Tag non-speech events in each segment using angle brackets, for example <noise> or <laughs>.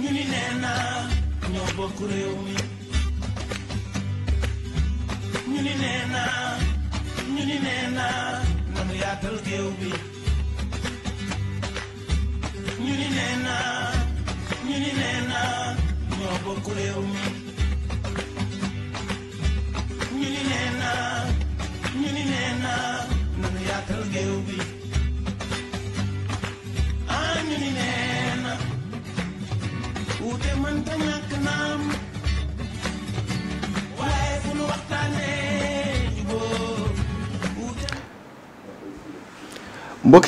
ñu ni nee naa ñoo bokk ñu ni nee naa ñu yaatal géew bi ñu ni nee naa ñu ni nee naa ñu ni nee naa ñu yaatal géew bi ah ñu ni nee wuute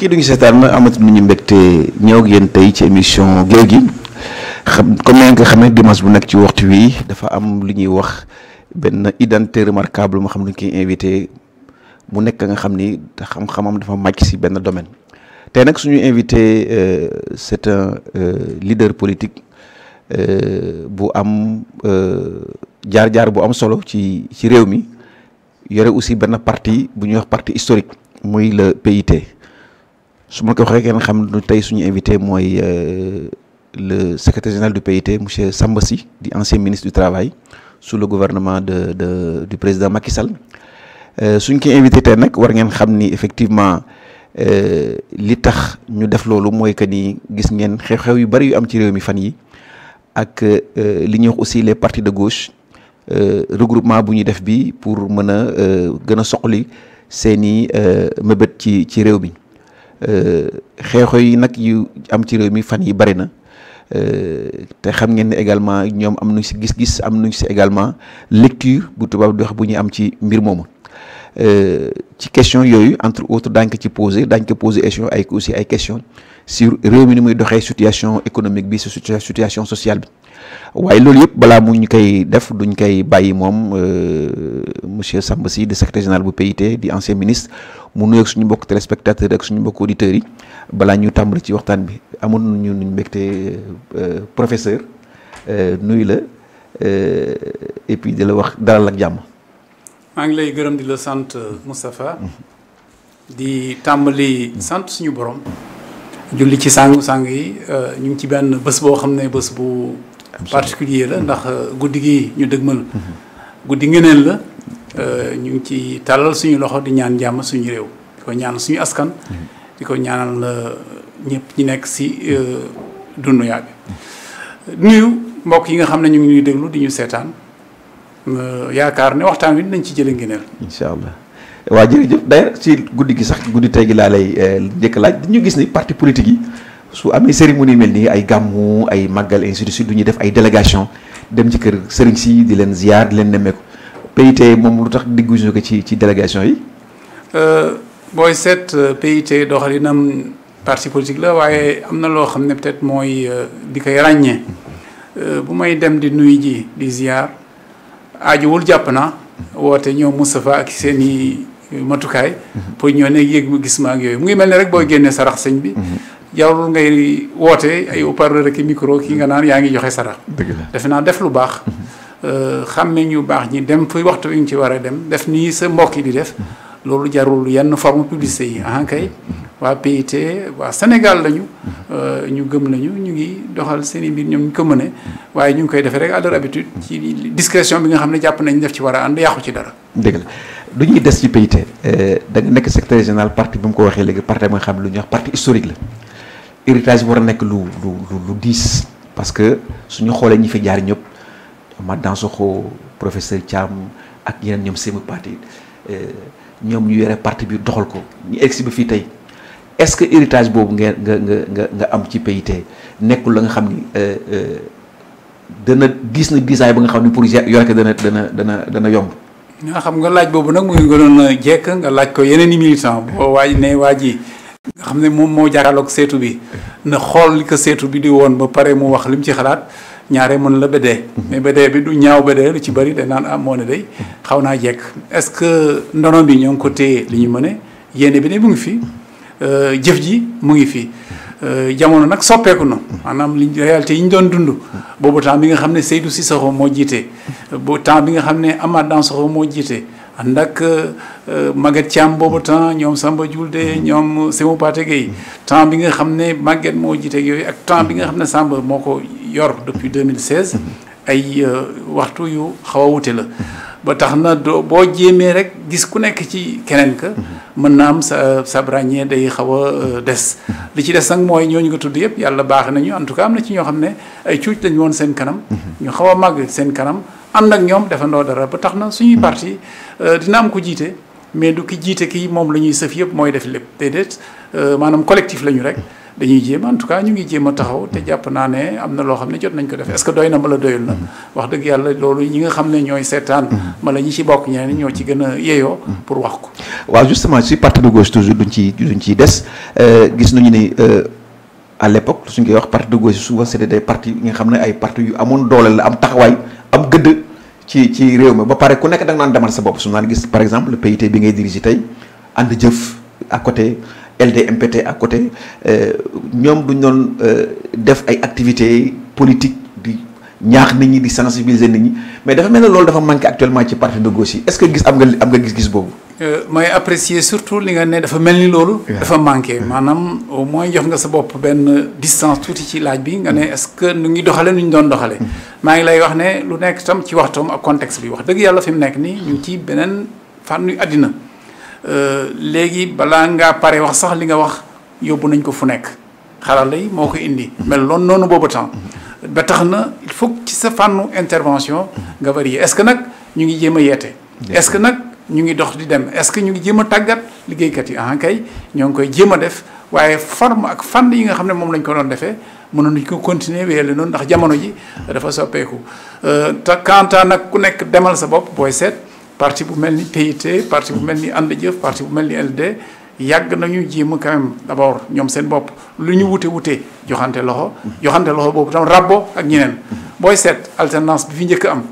yi duñu seetaan ma amati nu ñu mbégte ñëw ak tey ci émission géew gi xam comme ni nga xamee dimanche bu nekk ci waxtu wi dafa am lu ñuy wax benn identité remarquable ma xam ne ñu koy invité mu nekk nga xam ni xam-xamam dafa màcc si benn domaine tey nag suñu invité euh, c'est un euh, leader politique Euh, bu am euh, jaar-jaar bu am solo ci ci réew mi yore aussi benn parti bu ñuy wax parti historique muy le PIT su ma ko waxee ngeen xam nu tey suñu invité mooy euh, le secrétaire général du PIT monsieur Samba si di ancien ministre du travail sous le gouvernement de de du président Macky Sall suñ ko invité tey nag war ngeen xam ni effectivement li tax ñu def loolu mooy que ni gis ngeen xew-xew yu bari yu am ci réew mi fan yi ak euh, li ñuy wax aussi les partie de gauche euh, regroupement bu ñuy def bi pour mën a euh, gën a soqali seen i mëbët ci ci réew mi xeexoo yi nag yu am ci réew mi fan yi bari na te xam ngeen ne également ñoom am nañ si gis-gis am nañ si également lecture bu tubaab di wax bu ñu am ci mbir moomu. Euh, ci question yooyu entre autres daañ ko ci posé daañ ko posé question ay aussi ay question sur réew mi ni muy doxee situation économique bi situation sociale bi waaye loolu yëpp balaa mu ñu koy def duñ koy bàyyi moom euh, monsieur Samba si di secrétaire général bu PIT di ancien ministre mu nuyoog suñu mbokk téléspectateurs ak suñu mbokk auditeurs yi balaa ñu tàmbali ci waxtaan bi amoon na ñu mbégte euh, professeur nuyu la et puis di la wax dalal ak maa ngi lay gërëm di la sant mustafa di tàmbali sant suñu borom. julli ci sangu sang yi euh, ñu ngi ci benn bës boo xam ne bés bu particulier la ndax euh, guddi gi ñu dëgmal mm-hmm. guddi ngeneen la euh, ñu ngi ci tàllal suñu loxo di ñaan jàmm suñu réew di ko ñaanal suñu askan mm-hmm. di ko ñaanal ñëpp ñi nekk si dundu yaa bi mm-hmm. nuyu mbokk yi nga xam ne ñu ngi ñuy di ñu seetaan Euh, yaakaar ne waxtaan wi nañ ci jëlee ngëneel. incha allah waa jërëjëf d'ailleurs ci guddi gi sax guddi tey gi laa lay euh, njëkk laaj dañu gis ni parti politique yi su amee cérémonie mel nii ay gàmmu ay màggal ainsi de suite du ñuy def ay délégation dem ci kër sëriñ si di leen ziar di leen nemmeeku PIT moom lu tax digguñu ko ci ci délégation yi. Euh, booy seet PIT doxalinam parti politique la waaye am na loo xam ne peut-être mooy di koy ràññee bu may dem di nuyu ji di ziar. aajowul jàpp na woote ñoom Moustapha ak seen i matukaay. pour ñoo ne yéeg mu gis maa ngi yooyu mu ngi mel ni rek boo génnee sarax sëñ bi. jarul ngay woote ay haut-parleur ak micro ki nga naan yaa ngi joxe sarax. dëgg defe naa def lu baax. Euh, xam ne ñu baax ñi dem fi waxtu wi ñu ci war a dem def nii sa mbokk yi di def. loolu jarul yenn forme publicité yi ah kay mm-hmm. waa PIT waa Sénégal lañu. Euh, ñu gëm nañu ñu ngi doxal seen i mbir ñoom ñu ko mëne waaye ñu ngi koy defee rek à leur ci discrétion bi nga xam ne jàpp nañ def ci war a ànd yàqu ci dara. dëgg la du ñuy des ci PIT euh, da nga nekk secrétaire général parti bi mu ko waxee léegi partie bi nga xam ne lu ñuy wax la héritage bi a nekk lu lu diis parce que suñu xoolee ñi fi jaar ñëpp Amath Dansokho professeur Thiam ak yeneen ñoom seen parti euh, ñoom ñu yore parti bi doxal ko ñu egg si ba fii tey. est-ce que héritage boobu nga nga nga nga am ci PIT nekkul la nga xam ni euh, euh, dana gis na gisaay ba nga xam ni pour yore ko dana dana dana dana yomb. nga xam nga laaj boobu nag mu ngi nga laaj ko yeneen i militant boo waaj ne waa ji xam ne moom moo jàkkaarloog seetu bi na xool li ko seetu bi di woon ba pare mu wax li mu ci xalaat ñaare mën la bédee mhm. mais bédee bi du ñaaw bédee lu ci bari da naan ah moo ne day mhm. xaw naa jekk est-ce que ndono bi ñoo ko téye li ñu mën a yéene bi ne mu ngi fi. Euh, jëf ji mu ngi fii euh, jamono nag soppeeku na maanaam liñ réalité yi ñu doon dund boobu temps bi nga xam ne Seydou Cissokho moo jiite boobu temps bi nga xam ne Amath Dansokho moo jiite ànd ak euh, Maguette Thiam boobu temps ñoom Samba Diouldé ñoom Sémou Pathé Gueye bi nga xam ne Maguette moo jiite yooyu ak temps bi nga xam ne Samba moo ko yor depuis 2016 ay waxtu yu xaw a wute la ba tax na doo boo jéemee rek gis ku nekk ci keneen ka mhm. mën na am sa sa ràññee day xaw a euh, mhm. des li ci des nag mooy ñooñu nga tudd yëpp yàlla baax nañu en tout cas am na ci ñoo xam ne ay cuuc lañu woon seen kanam mhm. ñu xaw a màgg seen kanam ànd ak ñoom defandoo dara ba tax na suñuy parti euh, dina am ko jiite mais du ki jiite kii moom la ñuy sëf yëpp mooy def lépp déedéet euh, maanaam collectif la ñu rek dañuy jéem en tout cas ñu ngi jéem a taxaw te jàpp naa ne am na loo xam ne jot nañ ko def est-ce que doy na ma la doyul na wax dëgg yàlla loolu ñi nga xam ne ñooy seetaan mala ñi ci bokk ñeneen ñoo ci gën a yeyoo pour wax ko waa justement si parti de gauche toujours duñ ci duñ ciy des euh, gis nañu ni euh, à l'époque suñ koy wax parti de gauche souvent c'était des partis yi nga xam ne ay parti yu amoon doole la am taxawaay am gëdd ci ci réew mi ba pare ku nekk da nga demal sa bopp su naan gis par exemple le PIT ngay dirigé tey ànd jëf à LDMPT ak côté euh, ñoom duñ doon euh, def ay activité politiques di ñaax nit ñi di sensibiliser nit ñi mais dafa mel ne loolu dafa manqué actuellement ci parti de gauche yi est que gis am nga am nga gis-gis boobu. Euh, may li nga ne dafa mel ni loolu. dafa manqué maanaam au moins jox nga sa bopp benn distance tuuti ci laaj bi nga ne mm. est-ce nu ngi doxale nu ñu doon doxale mm. maa ngi lay wax ne lu nekk tam ci waxtoom ak contexte bi wax dëgg yàlla fi mu nekk nii ñu ci beneen fànn àddina. Euh, léegi balaa ngaa pare wax sax li nga wax yóbbu nañ ko fu nekk xarala lay moo ko indi mel mm-hmm. loon noonu boobu temps mm-hmm. ba tax na foog ci sa fànnu intervention mm-hmm. nga varier est-ce que nag ñu ngi jéem a yeete est-ce que nag ñu ngi dox di dem est-ce que ñu ngi jéem a tàggat liggéeykat yi ah kay ñoo ngi koy jéem a def waaye forme ak fànn yi nga xam ne moom lañ ko doon defee mënoon nañ ko continuer wéyale noonu ndax jamono ji dafa soppeeku euh, te quant nag ku nekk demal sa bopp booy parti bu mel ni PIT partie bu mel ni ànd jëf partie bu mel ni LD yàgg nañu jéem quand même d'abord ñoom seen bopp lu ñu wute wute joxante loxo joxante loxo boobu tam rabbo ak ñeneen booy seet alternance bi fi njëkk am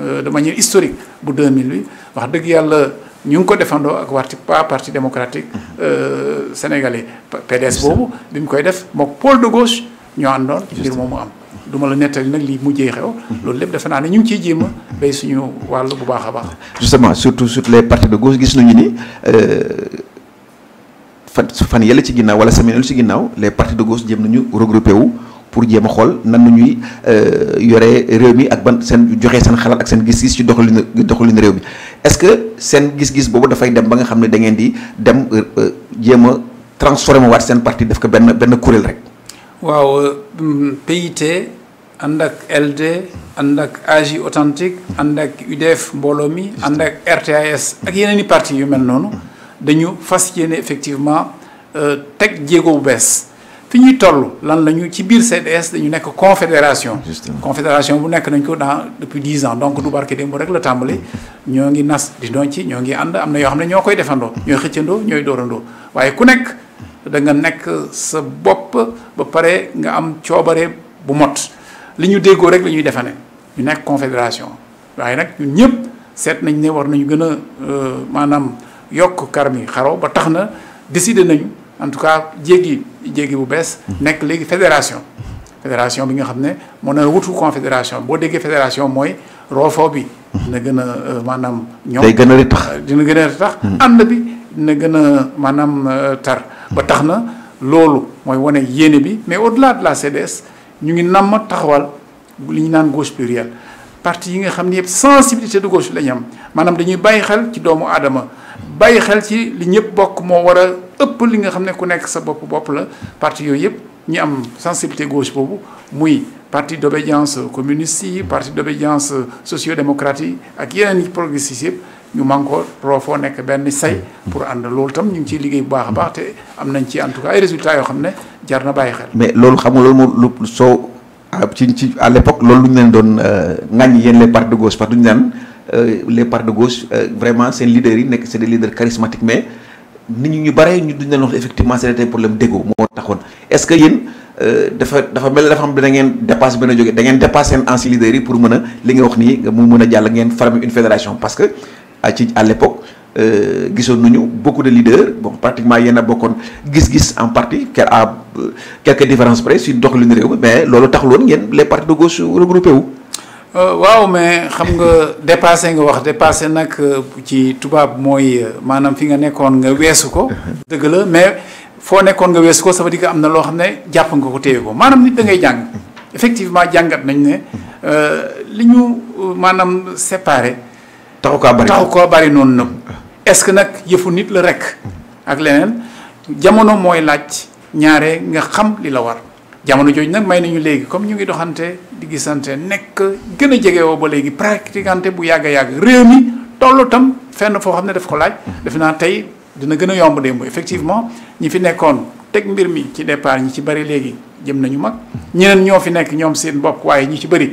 euh, dama manière historique bu 2000 bi wax dëgg yàlla ñu ngi ko defandoo ak warti pas parti démocratique euh, sénégalais PDS boobu bi mu koy def mook pôle de gauche ñoo àndoon mbir moomu am du ma la nettali nag lii mujjee xew. loolu lépp defe naa ne ñu ngi ciy jéem a suñu wàll bu baax a baax. justement surtout surtout les partis de gauche gis nañu ni euh, fan fan yële ci ginnaaw wala semaine yële ci ginnaaw les partis de gauche jéem nañu regroupé wu pour jéem a xool nan la ñuy euh, yore réew mi ak ban seen joxee seen xalaat ak seen gis-gis ci doxalin doxalin réew mi est-ce que seen gis-gis boobu dafay dem ba nga xam ne da ngeen di dem euh, jéem a transformé waat seen partie def ko benn benn kuréel rek. waaw mm, PIT ànd ak LD ànd ak AJ authentique ànd ak UDF mbooloo mi ànd ak RTAS ak yeneen i parti yu mel noonu mm-hmm. dañu fas yéene effectivement euh, teg jéego bu bees fi ñuy toll lan la ñu ci biir CDS dañu nekk confédération confédération bu nekk nañ ko dans depuis dix ans donc du barke démb rek la tàmbali ñoo ngi nas di don ci ñoo ngi ànd am na yoo xam ne ñoo koy defandoo ñooy xëccandoo ñooy doorandoo waaye ku nekk da nga nekk sa bopp ba pare nga am coobare bu mott li ñu déggoo rek la ñuy defane ñu nekk confédération waaye nag ñun seet nañ ne war nañu gën a euh, maanaam yokk kar mi xaro ba tax na décidé nañu en tout cas jéggi jéggi bu bees nekk léegi fédération fédération bi nga xam ne moo na wutu confédération boo déggee fédération mooy rofo bi dina gën a euh, maanaam ñoom day gën a tax dina gën a tax hmm. ànd bi dina gën a maanaam euh, tar ba tax na loolu mooy wane yéene bi mais au la de la CDS ñu ngi namm taxawal li ñu naan gauche plurielle parti yi nga xam ne yëpp sensibilité de gauche la ñu am maanaam dañuy bàyyi xel ci doomu aadama bàyyi xel ci li ñëpp bokk moo war a ëpp li nga xam ne ku nekk sa bopp bopp la parti yooyu yëpp ñi am sensibilité gauche boobu muy parti d'obédience communiste yi parti d'obédience socio-démocrate yi ak yeneen yi progressiste yëpp ñu man ko roofoo nekk benn say mm. pour ànd loolu tam ñu ngi liggéey bu baax a baax te am nañ ci en tout cas ay résultats yoo xam ne jar na bàyyi xel. mais loolu xam loolu moom lu soo ah, ci ci à l'époque loolu lu ñu leen doon euh, ŋaññi yéen les partis de gauche parce du ñu naan euh, les partis euh, yi nekk c'est des leaders charismatiques mais nit ñu bare ñu duñ leen wax effectivement c'est des problèmes d'ego moo taxoon est-ce que yéen. dafa dafa mel dafa xam da ngeen dépassé benn jóge li nga wax nii mu mën a jàll ngeen former une que ci à l'époque euh, gisoon nañu beaucoup de leaders bon pratiquement yéen a bokkoon gis-gis en parti quel à euh, quelques différence près si doxalin réew mi mais loolu taxul woon ngeen les partis de gauche regroupé wu. Euh, waaw mais xam nga dépassé nga wax dépassé nag ci tubaab mooy maanaam fi nga nekkoon nga weesu ko. <laughs> dëgg la mais foo nekkoon nga weesu ko ça veut dire am na loo xam ne jàpp nga ko téye ko maanaam nit da ngay jàng mm-hmm. effectivement jàngat nañ ne mm-hmm. li ñu maanaam séparé. taxu koo bari taxu bari noonu nag est-ce que nag yëfu nit la rek. ak leneen jamono mooy laaj ñaare nga xam li la war. jamono jooju nag may nañu léegi comme ñu ngi doxante di gisante nekk gën a jegewoo ba léegi pratiquante bu yàgg a yàgg réew mi tollu tam fenn foo xam ne daf ko laaj. defe naa tey dina gën a yomb démb effectivement ñi fi nekkoon teg mbir mi ci départ ñi ci bari léegi jëm nañu mag ñeneen ñoo fi nekk ñoom seen bopp waaye ñi ci bari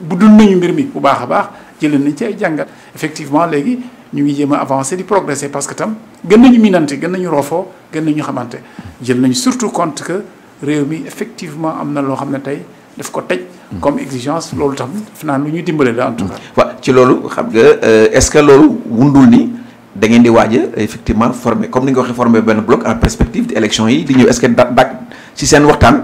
bu dul nañu mbir mi bu baax a baax. jëlee nañ ci ay jàngat effectivement léegi ñu ngi jéem a avancer di progresser parce que tam gën nañu minante gën nañu roofoo gën nañu xamante jël nañu surtout compte que réew mi effectivement am na loo xam ne tey daf ko tej comme exigence loolu tam fi naan lu ñuy dimbale la en tout cas ci loolu xam nga euh, est-ce que loolu wundul ni da ngeen di waaj a effectivement former comme ni nga waxee former benn bloc en perspective de élection yi di ñëw est-ce que dak si seen waxtaan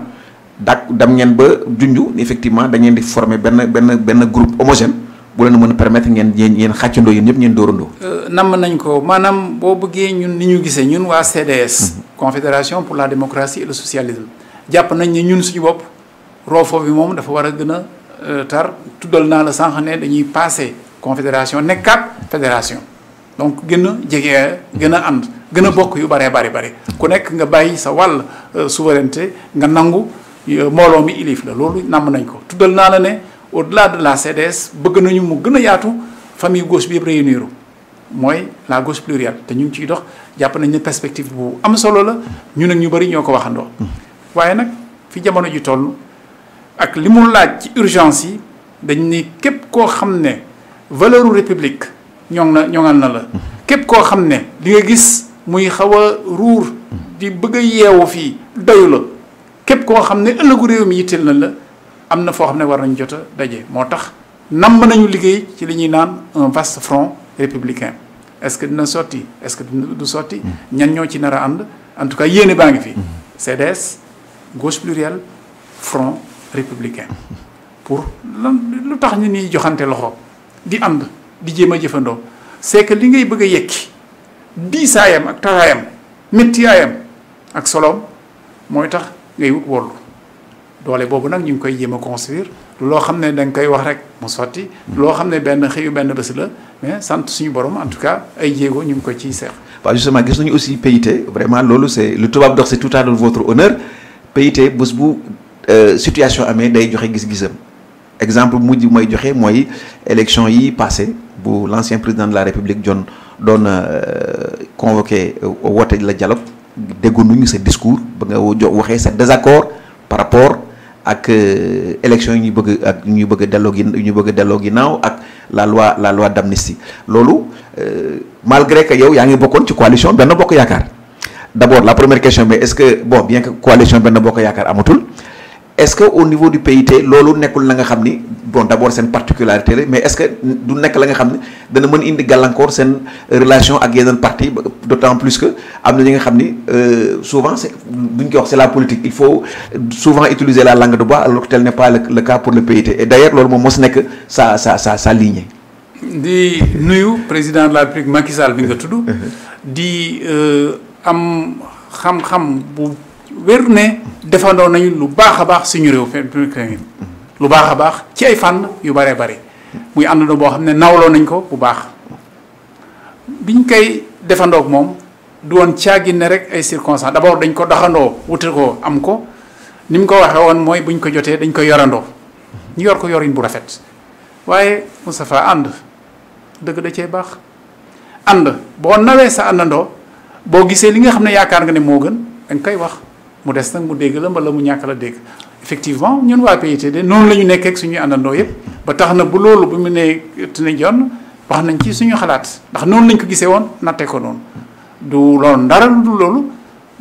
dak dem ngeen ba junj effectivement da ngeen former benn benn benn groupe homogène bu leen mën a ngeen yéen yéen xàccandoo yéen ñëpp ngeen dóorandoo. Euh, namm nañ ko maanaam boo bëggee ñun ni ñu gisee ñun waa CDS. Mm-hmm. confédération pour la démocratie et le socialisme jàpp nañ ne ñun suñu bopp roofoo bi moom dafa war a gën a euh, tar tuddal naa la sànq ne dañuy passé confédération nekkaat fédération donc gën a jege gën a ànd gën a bokk yu baree bari bari ku nekk nga bàyyi sa wàll euh, souveraineté nga nangu mbooloo mi ilif la loolu namm nañ ko tuddal naa au-delà de de la CDS bëgg nañu mu gën a yaatu famille gos bi yëpp réunir mooy la gos plurielle te ñu ngi ciy dox jàpp nañ ne perspective bu am solo la ñu nag ñu bëri ñoo ko waxandoo. waaye nag fi jamono ji toll ak li mu laaj ci urgence yi dañ ni képp koo xam ne valeuru république ñoŋ na ñoŋal na la. képp koo xam ne li nga gis muy xaw a ruur di bëgg yeewu fii doyu la képp koo xam ne ëllëgu réew mi yitteel na la. am na foo xam ne war nañu jot daje moo tax namm nañu liggéey ci li ñuy naan un vaste front républicain est-ce que dina sotti est-ce que du sotti. Mm-hmm. ñan ñoo ci nara a ànd en tout cas yéene baa ngi fi. Mm-hmm. des gauche plurielle front républicain pour lan lu tax ñu ni joxante loxo di ànd di jéem a jëfandoo c'est li ngay bëgg a yekki diisaayam ak taraayam méttiyaayam ak soloom mooy tax ngay wut wollu. doole boobu nag ñu ngi koy jéem a construire loo xam ne danga koy wax rek mu sotti loo xam ne benn xëyu benn bés la mais sant suñu borom en tout cas ay jéego ñu ngi ko ciy seex waaw justement gis nañu aussi PIT vraiment loolu c'est lu tubaab dox c'est tout à votre honneur PIT bés bu euh, situation amee day joxe gis-gisam exemple mujj bu may joxe mooy élection yi passé bu l'ancien président de la République John doon euh, convoqué euh, woote la dialogue déggoon nañu sa discours ba nga jo waxee sa désaccord par rapport ak euh, élection yi ñu bëgg ak ñu bëgg a delloo gi ñu bëgg delloo ginnaaw ak la loi la loi d'amnistie loolu euh, malgré que yow yaa ngi bokkoon ci coalition Benno Bokk Yaakaar d'abord la première question bi est-ce que bon bien que coalition Benno Bokk Yaakaar amatul est-ce que au niveau du PIT loolu nekkul la nga xam ni bon d' abord seen particularité la mais est ce que du nekk la nga xam ne dana mën indi gàllankoor seen relation ak yeneen parti d' autant plus que am na ñi nga xam ni euh, souvent c' est bu ñu koy wax c' la politique il faut souvent utiliser la langue de bois alors que tel n' est pas le cas pour le PIT et d' ailleurs loolu moom mos nekk sa sa sa sa lignée. di nuyu président de la République Macky Sall bi nga tudd. di euh, am xam-xam bu wér ne. defandoo nañu lu baax a baax suñu réew. lu baax a baax ci ay fànn yu baree bari muy ànd boo xam ne nawloo nañ ko bu baax biñ koy defandoog moom du woon caagin ne rek ay circonstances d'abord dañ ko doxandoo wute ko am ko ni mu ko waxee woon mooy buñ ko jotee dañ ko yorandoo ñu yor ko yorin bu rafet waaye Moustapha ànd dëgg da cee baax ànd boo nawee sa àndandoo boo gisee li nga xam ne yaakaar nga ne moo gën danga koy wax mu des nag mu dégg la mbala mu ñàkk la dégg effectivement ñun waa PITD noonu la ñu nekk ak suñuy àndandoo yëpp ba tax na bu loolu bu mu nee tene jon wax nañ ci suñu xalaat ndax noonu lañ ko gisee woon natte ko noonu du loolu dara du loolu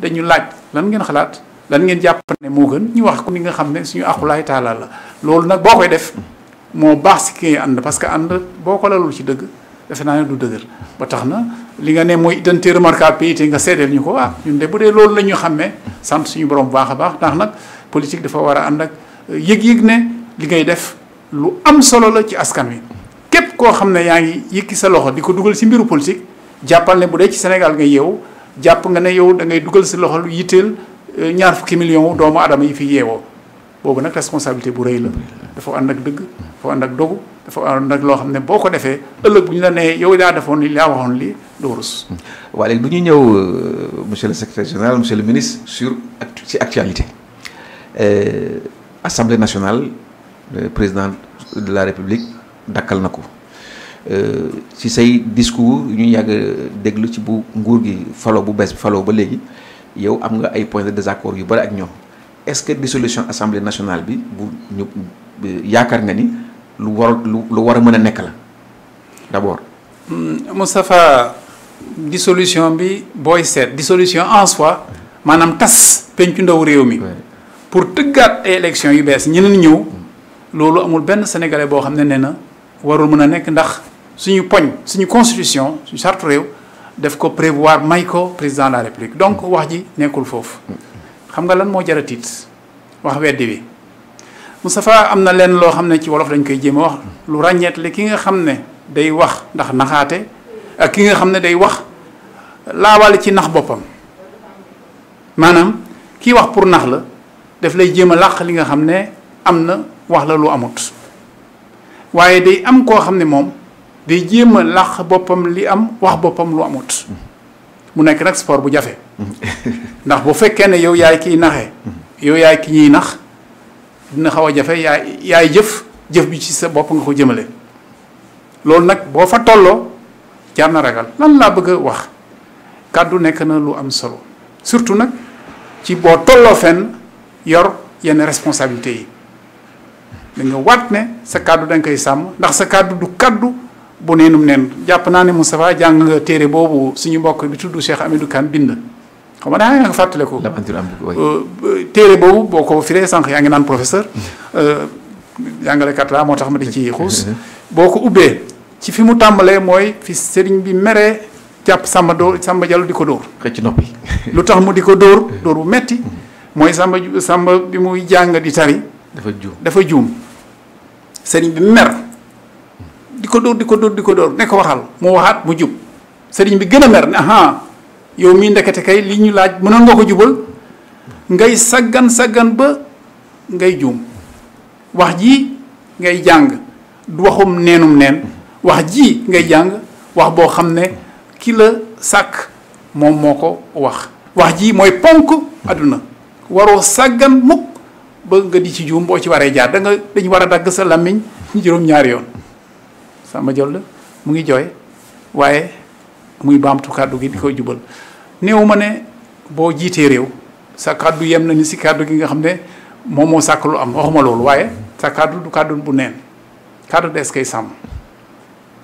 dañu laaj lan ngeen xalaat lan ngeen jàpp ne moo gën ñu wax ko ni nga xam ne suñu aqulaay taala la loolu nag boo koy def moo baax si ki ànd parce que ànd boo ko lalul ci dëgg defe naa ne du dëgër ba tax na li nga ne mooy identité remarquable PIT nga seedeel ñu ko waaw ah, ñun de bu dee loolu la ñu xàmmee sant suñu borom bu baax baax ndax nag politique dafa war a ànd ak euh, yëg-yëg ne li ngay def lu am solo la ci askan wi képp koo xam ne yaa ngi yëkki sa loxo di ko dugal si mbiru politique jàppal ne bu dee ci Sénégal nga yeewu jàpp nga ne yow da ngay dugal si loxo lu yitteel euh, ñaar fukki million doomu aadama yi fi yeewoo boobu nag responsabilité bu rëy la dafa ànd ak dëgg dafa ànd ak dogu dafa ànd ak loo xam ne boo ko defee ëllëg bu ñu la nee yow daa defoon li laa waxoon li doo rus. waaye léegi bu ñuy ñëw euh, monsieur le secrétaire général monsieur le ministre sur ci actualité. Euh, assemblée nationale le président de la république dakkal na ko euh, ci say discours ñu yàgg déglu ci bu nguur gi falo bu bees falo ba léegi yow am nga ay points de désaccord yu bari ak ñoom est-ce que dissolution assemblée nationale bi bu ñu yaakaar nga ni lu war lu lu war a mën a nekk la d'abord. Hmm, Moustapha dissolution bi booy seet dissolution en soi maanaam tas pencu ndaw réew mi. pour tëggaat ay élections yu bees ñeneen ñëw loolu amul benn sénégalais boo xam ne nee na warul mën a nekk ndax suñu poñ suñu constitution suñu charte réew def ko prévoir may ko président la république donc wax ji nekkul foofu. xam nga lan moo jar a tiit wax weddi bi Moustapha am na leen loo xam ne ci wolof dañ koy jéem a wax lu ràññeet li ki nga xam ne day wax ndax naxaate ak ki nga xam ne day wax laawale ci nax boppam maanaam kii wax pour nax la. daf lay jéem a làq li nga xam ne am na wax la lu amut waaye day am koo xam ne moom day jéem a làq boppam li am wax boppam lu amut mu nekk nag sport bu jafe ndax bu fekkee ne yow yaay kiy naxe yow yaay ki ñuy nax dina xaw a jafe yaay yaay jëf jëf bi ci sa bopp nga ko jëmale loolu nag boo fa tolloo jaar na ragal lan laa bëgg wax kàddu nekk na lu am solo surtout nag ci boo tolloo fenn yor yenn responsabilité yi da nga waat ne sa kàddu da koy sàmm ndax sa kàddu du kàddu bu neenum neen jàpp naa ne Moustapha jàng nga téere boobu suñu mbokk bi tudd Cheikh Amidou Kane bind xam nga daa nga fàttaliku euh, téere boobu boo ko firee sànq yaa ngi naan professeur <laughs> euh, jàngalekat laa moo tax ma di ci xuus <laughs> boo ko ubbee ci fi mu tàmbalee mooy fi sëriñ bi meree jàpp Samba doo Samba Diallo di ko dóor xëcc noppi lu tax mu di ko dóor <laughs> dóor bu metti mm-hmm. mooy sàmba sàmba bi muy jàng di tari dafa juum dafa juum sëriñ bi mer di ko dóor di ko dóor di ko dóor ne ko waxal mu waxaat mu jub sëriñ bi gën a mer ne aha yow mii ndekete kay li ñu laaj mënoon nga ko jubal ngay saggan saggan ba ngay juum wax ji ngay jàng du waxum neenum neen wax ji ngay jàng wax boo xam ne ki la sàkk moom moo ko wax wax ji mooy ponk àdduna waroo sàggan mukk ba nga di ci juum boo ci waree jaar danga nga dañ war a dagg sa làmmiñ <laughs> juróom-ñaari yoon sama jol la mu ngi jooy waaye muy baamtu kàddu gi di ko jubal néew ma ne boo jiitee réew sa kàddu yem na ni si kàddu gi nga xam ne moom moo sàkk lu am waxuma loolu waaye sa kàddu du kàddu bu neen kàddu des koy sàmm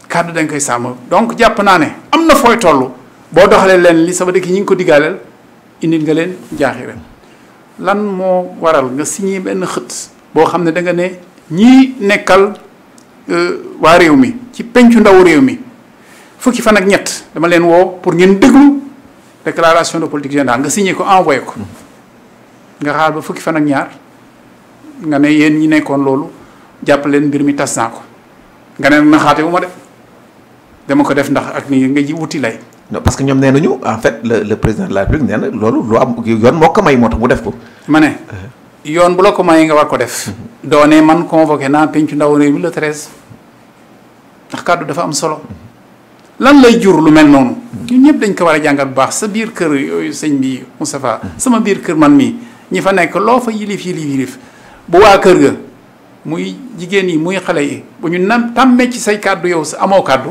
kàddu dañ koy sàmm donc jàpp naa ne am na fooy toll boo doxalee leen li sama dëkk ñi ngi ko digaaleel indil nga leen jaaxi ren lan moo waral nga signé benn xët boo xam ne danga ne ñii nekkal euh, waa réew mi ci pencu ndaw réew mi fukki fan ak ñett dama leen woo pour ngeen déglu déclaration de politique générale nga signé ko envoyé ko nga xaar ba fukki fan ak ñaar nga ne yéen ñi nekkoon loolu jàpp leen mbir mi tas naa ko nga ne naxaate bu ma def dama ko def ndax ak ni nga ji wuti lay non parce que ñoom nee nañu en fait le le président de la République nee na loolu lu am yoon moo ko may moo tax mu def ko. ma ne euh. yoon bu la ko mayee nga war ko def. Mm-hmm. doone man convoqué naa pencu ndaw réew mi le treize. ndax kàddu dafa am solo. Mm-hmm. lan lay jur lu mel noonu. Mm-hmm. ñun ñëpp dañ ko war a jàngat bu baax sa biir kër yooyu sëñ bi Moustapha sama biir kër man mii ñi fa nekk loo fa yilif yilif yilif bu waa kër ga muy jigéen yi muy xale yi bu ñu nam tàmmee ci say kàddu yow sa amoo kàddu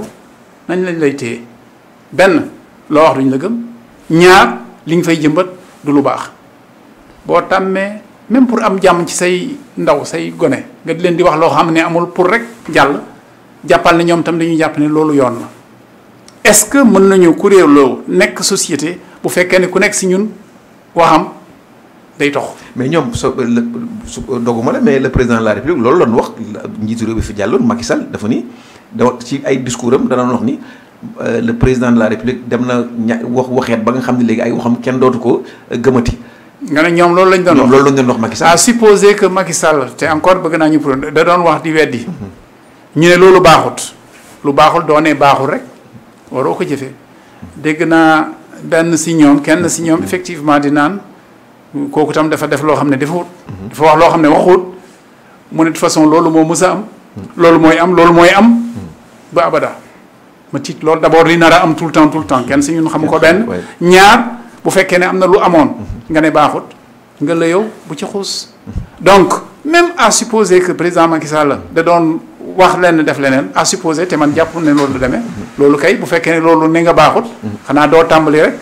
nañ lañ lay téye. benn loo wax duñ la gëm ñaar li ñu fay jëmbat du lu baax boo tàmmee même pour am jàmm ci say ndaw say gone nga di leen di wax loo xam ne amul pour rek jàll jàppal ne ñoom tam dañuy jàpp ne loolu yoon est-ce que mën nañu kuréeloo nekk société bu fekkee ne ku nekk si ñun waxam day tox. mais ñoom so euh, su euh, doguma la mais le président la république loolu la ñu wax njiitu réew bi fi jàlloon Macky Sall dafa nii da ci ay discours am dana wax ni. Euh, le président de la république dem na ña wax waxeet ba nga xam ne léegi ay waxam kenn dootu ko euh, gëmati. nga ne ñoom loolu lañ doon wax loolu lañ doon wax Macky Sall. à supposer que Macky Sall te encore bëgg naa ñu da doon wax di weddi. Mhm. ñu ne loolu baaxut. lu baaxul doonee baaxul rek waroo ko jëfee dégg naa benn si ñoom kenn si ñoom mhm. effectivement di naan kooku tam dafa def loo xam ne defut. Mhm. dafa wax loo xam ne waxut mu ne de façon loolu moo mës a am. loolu mooy am loolu mooy am ba ma tiit loolu d'abord li nar a am tout le temps tout le kenn si ñun xamu ko benn ñaar bu fekkee ne am na lu amoon nga ne baaxut nga la yow bu ci xuus donc même à supposer que président Macky Sall da doon wax lenn def leneen à supposer te man jàpp ne loolu du demee loolu kay bu fekkee ne loolu ne nga baaxut xanaa doo tàmbali rek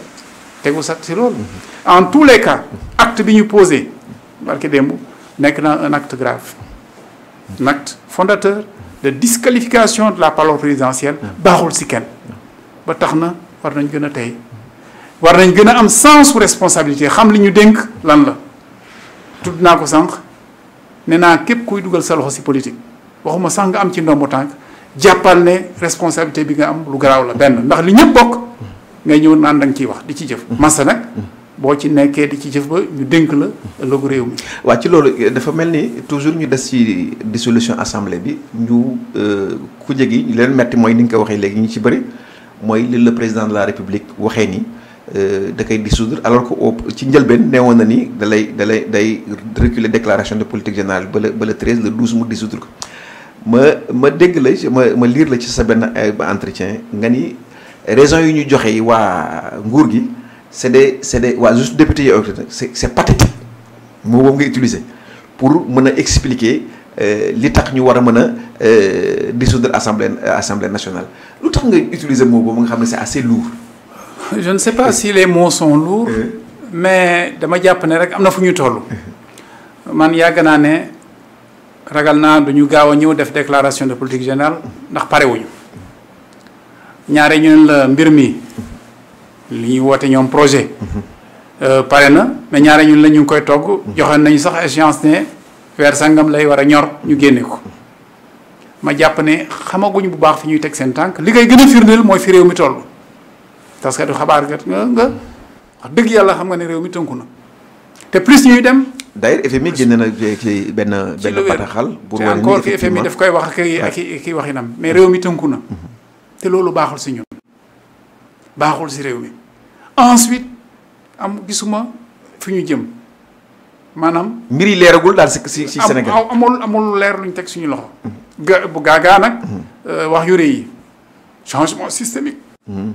tegu sax si loolu en tous les cas acte bi ñu posé barke démb nekk na un acte grave un fondateur de disqualification de la parole présidentielle mm. baaxul si kenn ba tax na war nañ gën a tey war nañ gën a am sens su responsabilité xam li ñu dénk lan la tudd naa ko sànq ne naa képp kuy dugal sa loxo si politique waxuma sax nga am ci ndombo tànk jàppal ne responsabilité bi nga am lu garaaw la benn ndax li ñëpp bokk mm. ngay ñëw naan da nga ciy wax di ci jëf mm. massa nag boo ci nekkee di ci jëf ba ñu dénk la ëllëgu réew mi. waa ci loolu dafa mel ni toujours ñu des ci dissolution assemblée bi ñu euh, ku jegi ñu leen metti mooy ni nga ko waxee léegi ñu ci bëri mooy li le président la république waxee ni euh, da koy dissoudre alors que ci njëlbeen neewoon na ni da lay da lay day reculer déclaration de politique générale ba le ba le treize le douze mu dissoudre ko ma ma dégg la ma ma liir la ci sa benn euh, entretien nga ni raison yu ñu joxe waa nguur gi. c'est des c'est des waa juste député yi c'est c'est pathétique moo boobu nga utiliser pour mën a expliquer euh, li tax ñu war a mën a euh, de assemblée euh, assemblée nationale lu tax nga utiliser mot boobu nga xam ne c'est assez lourd. je ne sais pas si les mots sont lourds. mais dama jàpp ne rek am na fu ñu toll. man yàgg naa ne ragal naa du ñu gaaw a ñëw def déclaration de politique générale ndax parewuñu ñaare ñu ne la mbir mi. li ñuy woote ñoom projet. Euh, pare na mais ñaare ñun la ñu ngi koy togg. joxe nañu sax échéance ne weer sangam lay war a ñor ñu génne ko. ma jàpp ne xamaguñu bu baax fi ñuy teg seen tànk li koy gën a mooy fi réew mi toll. parce que du xabaar nga nga wax dëgg yàlla xam nga ne réew mi tënku na te plus ñuy dem. d'ailleurs FMI génne na ci benn benn pataxal. pour wane encore que FMI daf koy wax ak kii ak kii waxinam mais réew mi tënku na. Mhm. te loolu baaxul si ñun baaxul si réew mi. ensuite am gisuma fu ñu jëm maanaam. mbir yi leeragul daal si si si Sénégal amul amul leer lu ñu teg suñu loxo. ga bu gaagaa nag. Euh, wax yu rëy yi changement systémique. Hmm.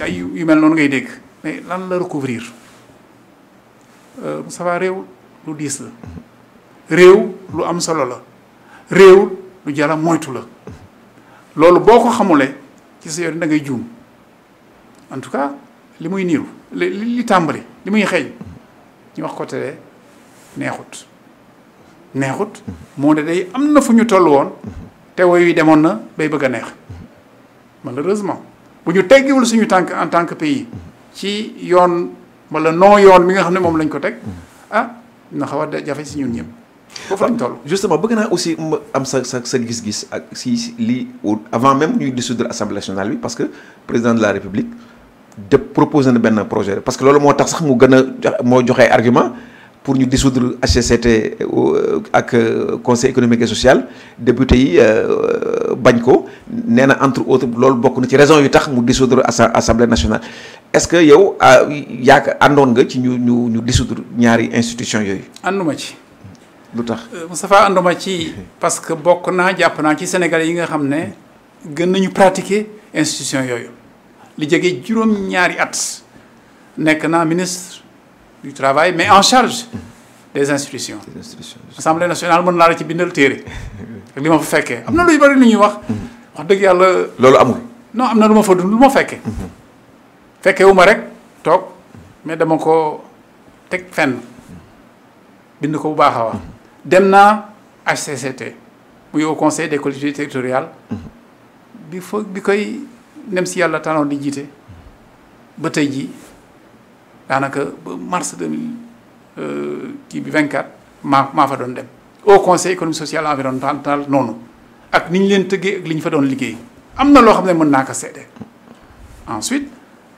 ay yu mel noonu ngay dégg mais lan la recouvrir euh, Moustapha réew lu diis la réew lu am solo la réew lu jara moytu la loolu boo ko xamule ci sa yoon da juum en tout cas li muy niiru li li tàmbali li muy xeeñ ñu wax ko te neexut neexut moo ne day am na fu ñu toll woon te woy wi demoon na bay bëgg a neex man malheureusement bu ñu teggiwul suñu tànk en tant que pays ci yoon wala non yoon mi nga xam ne moom lañ ko teg ah na xaw a jafe si ñun ñëpp foofu lañ toll justement bëgg naa aussi am sa sa gis-gis ak si lii avant même ñuy la assemblée nationale bi parce que président de la république de proposer na benn projet parce que loolu moo tax sax mu gën a moo joxee argument pour ñu dissoudre HCCT euh, ak euh, conseil économique et social député yi euh, bañ ko nee na entre autres loolu bokk na ci raison yi tax mu dissoudre assemblée national est-ce que yow ah, yaaka àndoon nga ci ñu ñu ñu dissoudre ñaari institution yooyu. ànduma ci. lu tax Moustapha ànduma ci parce que bokk naa jàpp naa ci Sénégalais yi nga xam ne gën nañu pratiquer institution yooyu. li jege juróom-ñaari at nekk naa ministre du travail mais en charge des institutions. des institutions assemblée nationale mën naa la ci bindal téere <laughs> ak li ma fa fekkee am na luy bari lu ñuy wax. Mm-hmm. wax dëgg yàlla. loolu amul. non am na lu ma fa dund lu ma fekkee. Mm-hmm. fekkee wu rek toog mais dama ko teg fenn mm-hmm. bind ko bu baax a wax dem naa HCCT muy au conseil de collectivités territoriales bi fa bi koy. ndem si yàlla tanoon di jiite ba tey jii daanaka ba mars 2000 euh, kii bi 24 maa maa fa doon dem au conseil économique social environnemental noonu ak ni ñu leen tëggee ak li ñu fa doon liggéey am na loo xam ne mën naa ko seede ensuite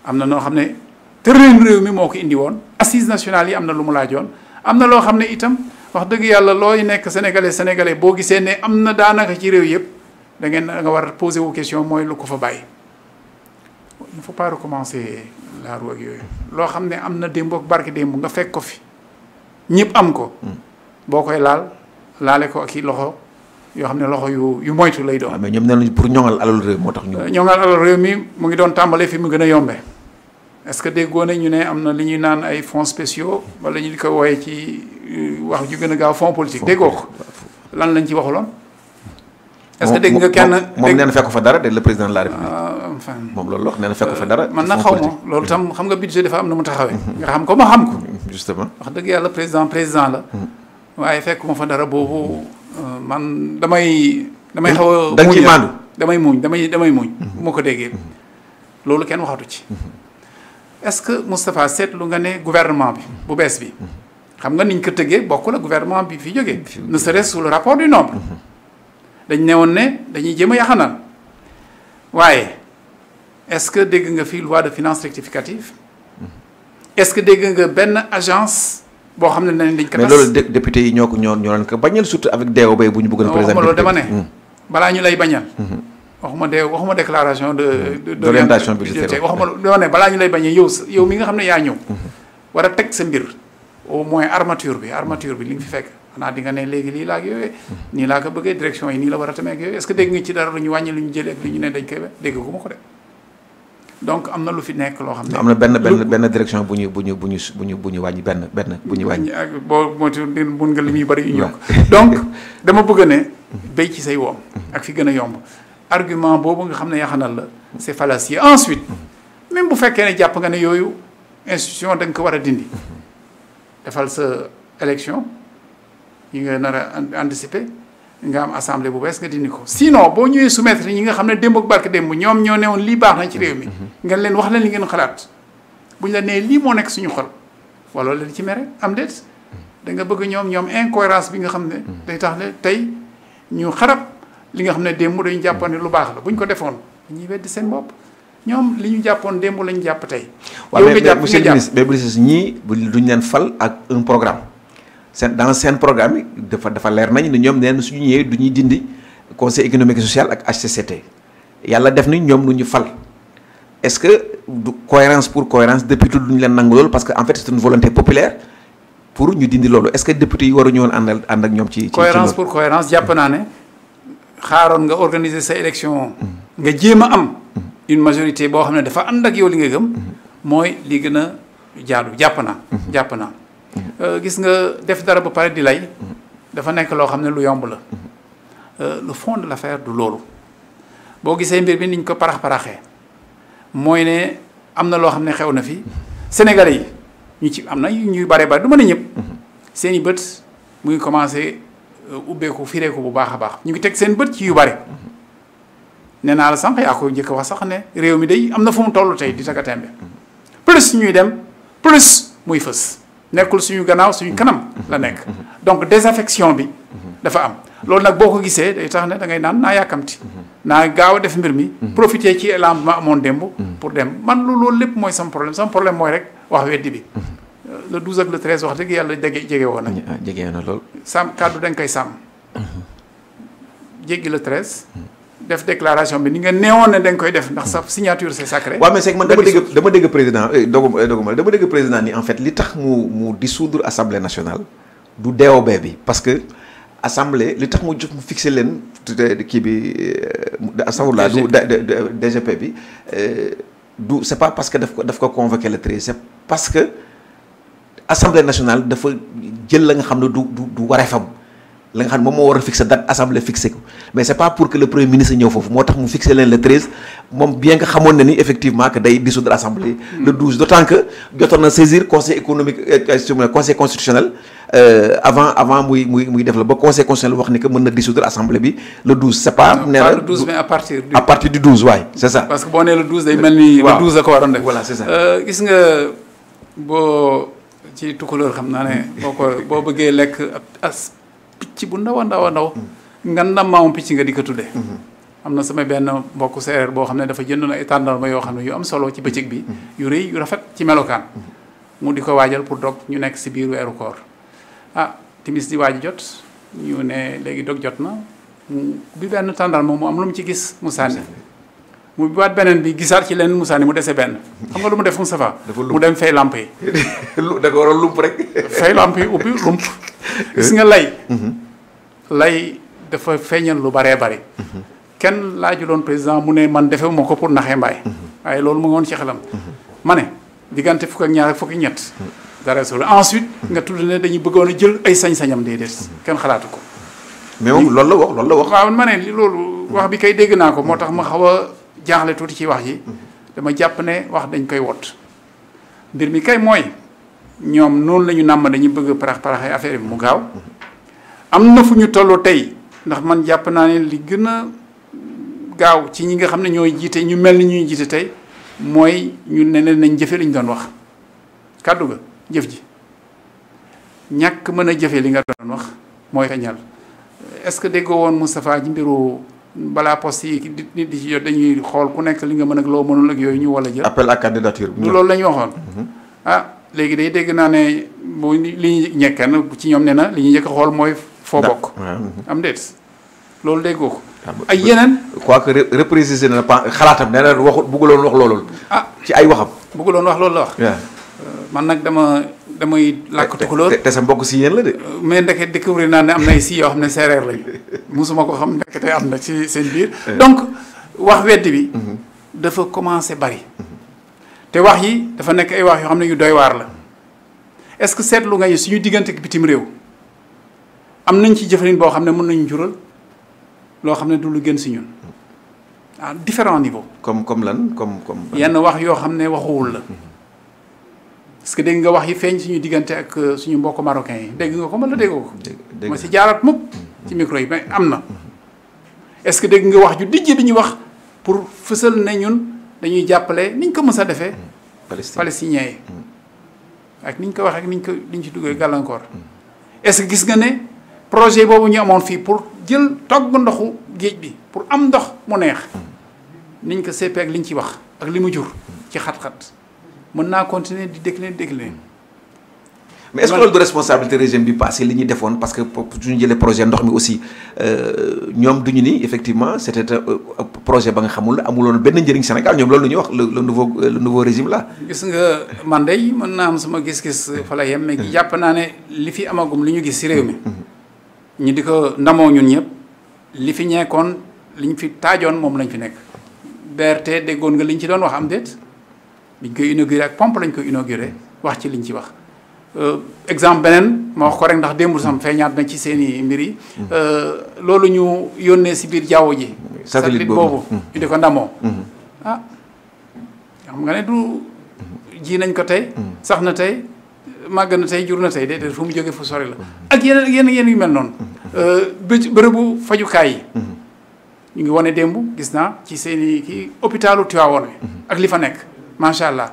am na noo xam ne terrain réew mi moo ko indi woon assise nationale yi am na lu mu laajoon am na loo xam ne itam wax dëgg yàlla looy nekk sénégalais sénégalais boo gisee ne am na daanaka ci réew yëpp da ngeen da nga war a posé wu question mooy lu ko fa bàyyi il faut pas recommencer yooyu loo xam ne am na démb ak barke démb nga fekk ko fi ñëpp am ko. Hmm. boo koy laal laale ko ak i loxo yoo xam ne loxo yu yu moytu lay doon. waaw ah, mais ñoom nee nañu pour ñoŋal alal réew moo tax ñu. Euh, ñoŋal alal réew mi mu ngi doon tàmbalee fi mu gën a yombee est-ce que déggoo ne ñu ne am na li ñuy naan ay fonds spéciaux wala ñu di ko wooyee ci euh, wax ju gën a gaaw fonds politique déggoo ko lan lañ ci waxuloon. est-ce que dégg nga kenn moom nee na fekku fa dara de le président de la république ah, moom loolu wax nee na fekku fa euh, dara man na xaw ma loolu tam xam nga budget dafa am na mu taxawee mhm. nga xam ko ma xam ko mhm, justement wax dëgg yàlla président président la mhm. waaye fekku ma fa dara boobu euh, man damay damay xaw a da nga damay muñ damay damay muñ bu ma ko déggee loolu kenn waxatu ci est-ce que Moustapha seetlu nga ne gouvernement bi bu bees bi xam nga niñ ko tëggee bokku la gouvernement bi fi jógee ne serait sous rapport du nombre dañ ne woon ne dañuy jéem a yaxanal waaye est-ce que dégg nga fii loi de finances rectificative mm-hmm. est-ce que dégg nga benn agence boo xam ne nañ dañ ko député yi ñoo ko ñoo ñoo leen ko bañal surtout avec DOB bu ñu bëggoon présenté waxuma loolu dema ne mm. balaa ñu lay bañal mm-hmm. waxuma de waxuma déclaration de mm-hmm. d'orientation budgétaire waxuma dama ne balaa ñu lay bañal yow yow mi nga xam ne yaa ñëw war a teg sa mbir au moins armature bi armature bi li nga fi fekk xanaa di nga ne léegi lii laa ak yooyu nii laa ko bëggee direction yi nii la war a tamee ak yooyu est-ce que dégg nga ci dara lu ñu wàññi lu ñu jëlee ak lu ñu ne dañ koy dégg gu ma ko de donc am na lu fi nekk loo xam ne. am na benn benn benn direction bu ñu bu ñu bu ñu bu ñu bu ñu wàññi benn benn bu ñu wàññi. ak boo moytuwul mun nga li muy bëri yu ñëw. donc <laughs> dama bëgg ne. béy ci say woom. ak fi gën a yomb argument boobu nga xam ne yaxanal la c'est fallacieux ensuite même bu fekkee ne jàpp nga ne yooyu institution da nga ko war a dindi defal sa élection yi nga nar a anticiper nga am assemblée bu bees nga dindi ko sinon boo ñëwee soumettre ñi nga xam ne démb ak barke démb ñoom ñoo newoon lii baax na ci réew mi. Mm-hmm. nga leen wax leen ngeen xalaat bu ñu la nee lii moo nekk suñu xol wala leen ci mere am déet mm-hmm. da nga bëgg ñoom ñoom incohérence bi nga xam ne. Mm-hmm. day tax ne tey ñu xarab li nga xam ne démb dañu jàppoon ne lu baax la bu ñu ko defoon dañuy weddi seen bopp. ñoom li ñu jàppoon démb lañu jàpp tey. yow nga jàpp nga jàpp waaw mais bu ñii duñ leen fal ak un programme. seen dans seen programme yi dafa dafa leer nañ ni ñoom neen suñu ñëwee du ñuy dindi conseil économique et social ak HCCT yàlla def ni ñoom lu ñu fal est-ce que du cohérence pour cohérence député du ñu leen nangu loolu parce que en fait c'est une volonté populaire pour ñu dindi loolu est-ce que député yi waruñu woon ànd ànd ak ñoom ci ci cohérence pour cohérence jàpp naa ne xaaroon nga organiser sa élection mm-hmm. nga jéem a am mm-hmm. une majorité boo xam ne dafa ànd ak yow li nga gëm mm-hmm. mooy li gën a jaadu jàpp naa jàpp naa Euh, gis nga def dara ba pare di lay dafa nekk loo xam ne lu yomb la euh, le fond de l'affaire du loolu boo gisee mbir bi niñ ko parax paraxee mooy ne am na loo xam ne xew na fi sénégalais yi ñu ci am na ñuy bare bare du mën a ñëpp seen i bët mu ngi commencé euh, ubbeeku fireeku bu baax a baax ñu ngi teg seen bët ci yu bare nee naa la sànq yaa ko njëkk wax sax ne réew mi day am na fu mu toll tey di tagga tembe plus ñuy dem plus muy fës nekkul suñu gannaaw suñu kanam la nekk donc désaffection bi dafa am loolu nag boo ko gisee day tax ne da ngay naan naa yàkkamti naa gaaw a def mbir mi profité ci la bi ma amoon démb pour dem man loolu lépp mooy sama problème sama problème mooy rek wax weddi bi le 12 ak le 13 wax dëgg yàlla jege jege woon nañu jege na lool sàmm kàddu dañ koy sàmm jéggi le 13 def déclaration bi ni nga neewoon ne da koy def ndax sa signature c'est sacré. waaw mais c'est que man dama dégg dama dégg président eh, dogu eh, dogu ma dama dégg président ni en fait li tax mu mu dissoudre assemblée nationale du DOB bi parce que assemblée li tax mu jox mu fixé leen kii bi. Euh, astafurlah du DGP bi euh, du c'est pas parce que daf ko daf ko convoqué le treize c'est parce que assemblée nationale dafa jël la nga xam ne du du du wareefam la nga xam ne moom moo war a fixé date assemblée fixé ko. mais c'est pas pour que le premier ministre ñëw foofu moo tax mu fixé leen le 13 moom bien que xamoon na ni effectivement que day dissoudre assemblée le 12 d'autant que jotoon na conseil économique euh, euh, euh, avant avant muy muy muy def la ba conseil constitutionnel wax ni que mën na dissoudre assemblée bi le 12 c'est pas. nee na le 12 mais à partir du. à partir c'est ça. parce que boo nee le 12 day mel ni. waaw le 12 la ko waroon def. voilà c'est ça gis nga boo ci tukulóor xam naa ne. boo ko boo bëggee lekk as bu ndaw a ndaw mm. ngandam maamu picc nga di ko tudde mhm. am na sama benn mbokku séeréer boo xam ne dafa jëndoon ay tàndarma yoo xam ne yu am solo ci bëccëg bi mhm. yu rëy yu rafet ci melokaan mhm. mu di ko waajal pour dog ñu nekk si biir weeru koor ah timis di waaj jot ñu ne léegi dog jot na bi benn tàndarma mu am lu mu ci gis mu sànni mu baat beneen bi gisaat ci leen mu sànni mu dese benn xam nga lu mu def mu safa mu dem fay lamp yi <laughs> da ko waroon lump rek fay lamp yi ubbi lump <laughs> nga lay dafa feeñal lu baree bari. kenn laajuloon président mu ne man defewu ma ko pour naxee mbaay. waaye loolu mu ngi woon ci xelam. ma ne diggante fukk ak ñaar ak fukk ñet ñett. dara solo ensuite nga tudd ne dañuy bëgg a jël ay sañ-sañam des kenn xalaatu ko. mais moom loolu la wax loolu la wax. waaw ma loolu wax bi kay dégg naa ko moo tax ma xaw jaaxle tuuti ci wax yi. dama jàpp ne wax dañ koy wot mbir mi kay mooy ñoom noonu la ñu nàmm dañuy bëgg parax paraxee affaire bi mu gaaw am na tey. ndax man jàpp naa ne li gën a gaaw ci ñi nga xam ne ñooy jiite ñu mel ni ñuy jiite tey mooy ñu ne leen nañ jëfe li ñu doon wax kàddu ga jëf ji ñàkk mën a jëfe li nga doon wax mooy feeñal est-ce que déggoo woon Moustapha ci balaa poste yi di nit di jot dañuy xool ku nekk li nga mën ak loo mënul ak yooyu ñu wala jël. appel à candidature du loolu la waxoon. Mhm. ah léegi day dégg naa ne bu li ñu ñekkan ci ñoom ne na li ñu njëkk xool mooy. foo bokk. Mhm. am déet loolu déggoo ko. ay yeneen. quoi que repréciser na xalaatam nee na waxu bëgguloon wax loolu. ah ci ay waxam. bëgguloon wax loolu la wax. Euh, man nag dama damay làkk eh, tukulóor. te sa mbokk si yéen la de. Euh, mais ndeket découvrir naa ne am na ay si yoo xam ne séeréer lañu <laughs> mosuma ko xam ndekete am na ci seen biir. Eh. donc wax weddi wi mhm. dafa commencé bari. Mhm. te wax yi dafa nekk ay wax yoo xam ne yu doy waar la est-ce que seetlu nga yi suñu diggante ak bitim réew. am nañ ci jëfandin boo xam ne mën nañu jural loo xam ne du lu gën si ñun à différents niveaux. comme comme lan comme comme. yenn wax yoo xam ne waxuwul la. parce que dégg nga wax yi feeñ suñu diggante ak euh, suñu mbokk marocain yi dégg nga ko mën la déggoo ko. dégg ma si jaaraat mukk ci mm-hmm. micro yi mais am na. Mm-hmm. est-ce que dégg nga wax ju dijj bi ñu wax pour fësal ne ñun dañuy jàppale niñ ko mës a defee. Mm-hmm. palestiniens yi. ak niñ ko wax ak niñ ko liñ ci duggee gàllankoor. est-ce gis nga ne. projet boobu ñu amoon fii pour jël togg ndoxu géej bi pour am ndox mu neex niñ ko seppee ak liñ ci wax ak li mu jur ci xat-xat mën naa continuer di décliner décliner mais est-ce que loolu du responsabilité régime bi passé li ñuy defoon parce que suñu jëlee projet ndox mi aussi euh, ñoom duñu ni effectivement c'était un projet ba nga xamul amuloon benn njëriñ Sénégal ñoom loolu la ñuy wax le nouveau euh, le nouveau régime la gis nga man day mën naa am sama gis-gis fa la yem jàpp naa ne li fi amagum li ñu gis ci réew mi. Mm-hmm. ñu di ko ndamoo ñun ñëpp li fi ñekkoon liñ fi taajoon moom lañ fi nekk BRT déggoon nga liñ ci doon wax am déet biñ koy inauguré ak pompe lañ koy inauguré wax ci liñ ci wax euh, exemple beneen ma wax ko rek ndax démb sam feeñaat na ci seen mbir yi mm-hmm. euh, loolu ñu yónnee si biir jaww ji satellite boobu mm-hmm. ñu mm-hmm. ah, ji nañ ko tey sax na tey màgg na tey jur na tey déedéet fu mu jógee fu sori la ak yeneen ak yeneen yeneen yu mel noonu. Euh, bëj bërëbu fajukaay yi. ñu ngi wane démb gis naa ci seen i kii hôpitalu Tivaouane ak li fa nekk macha allah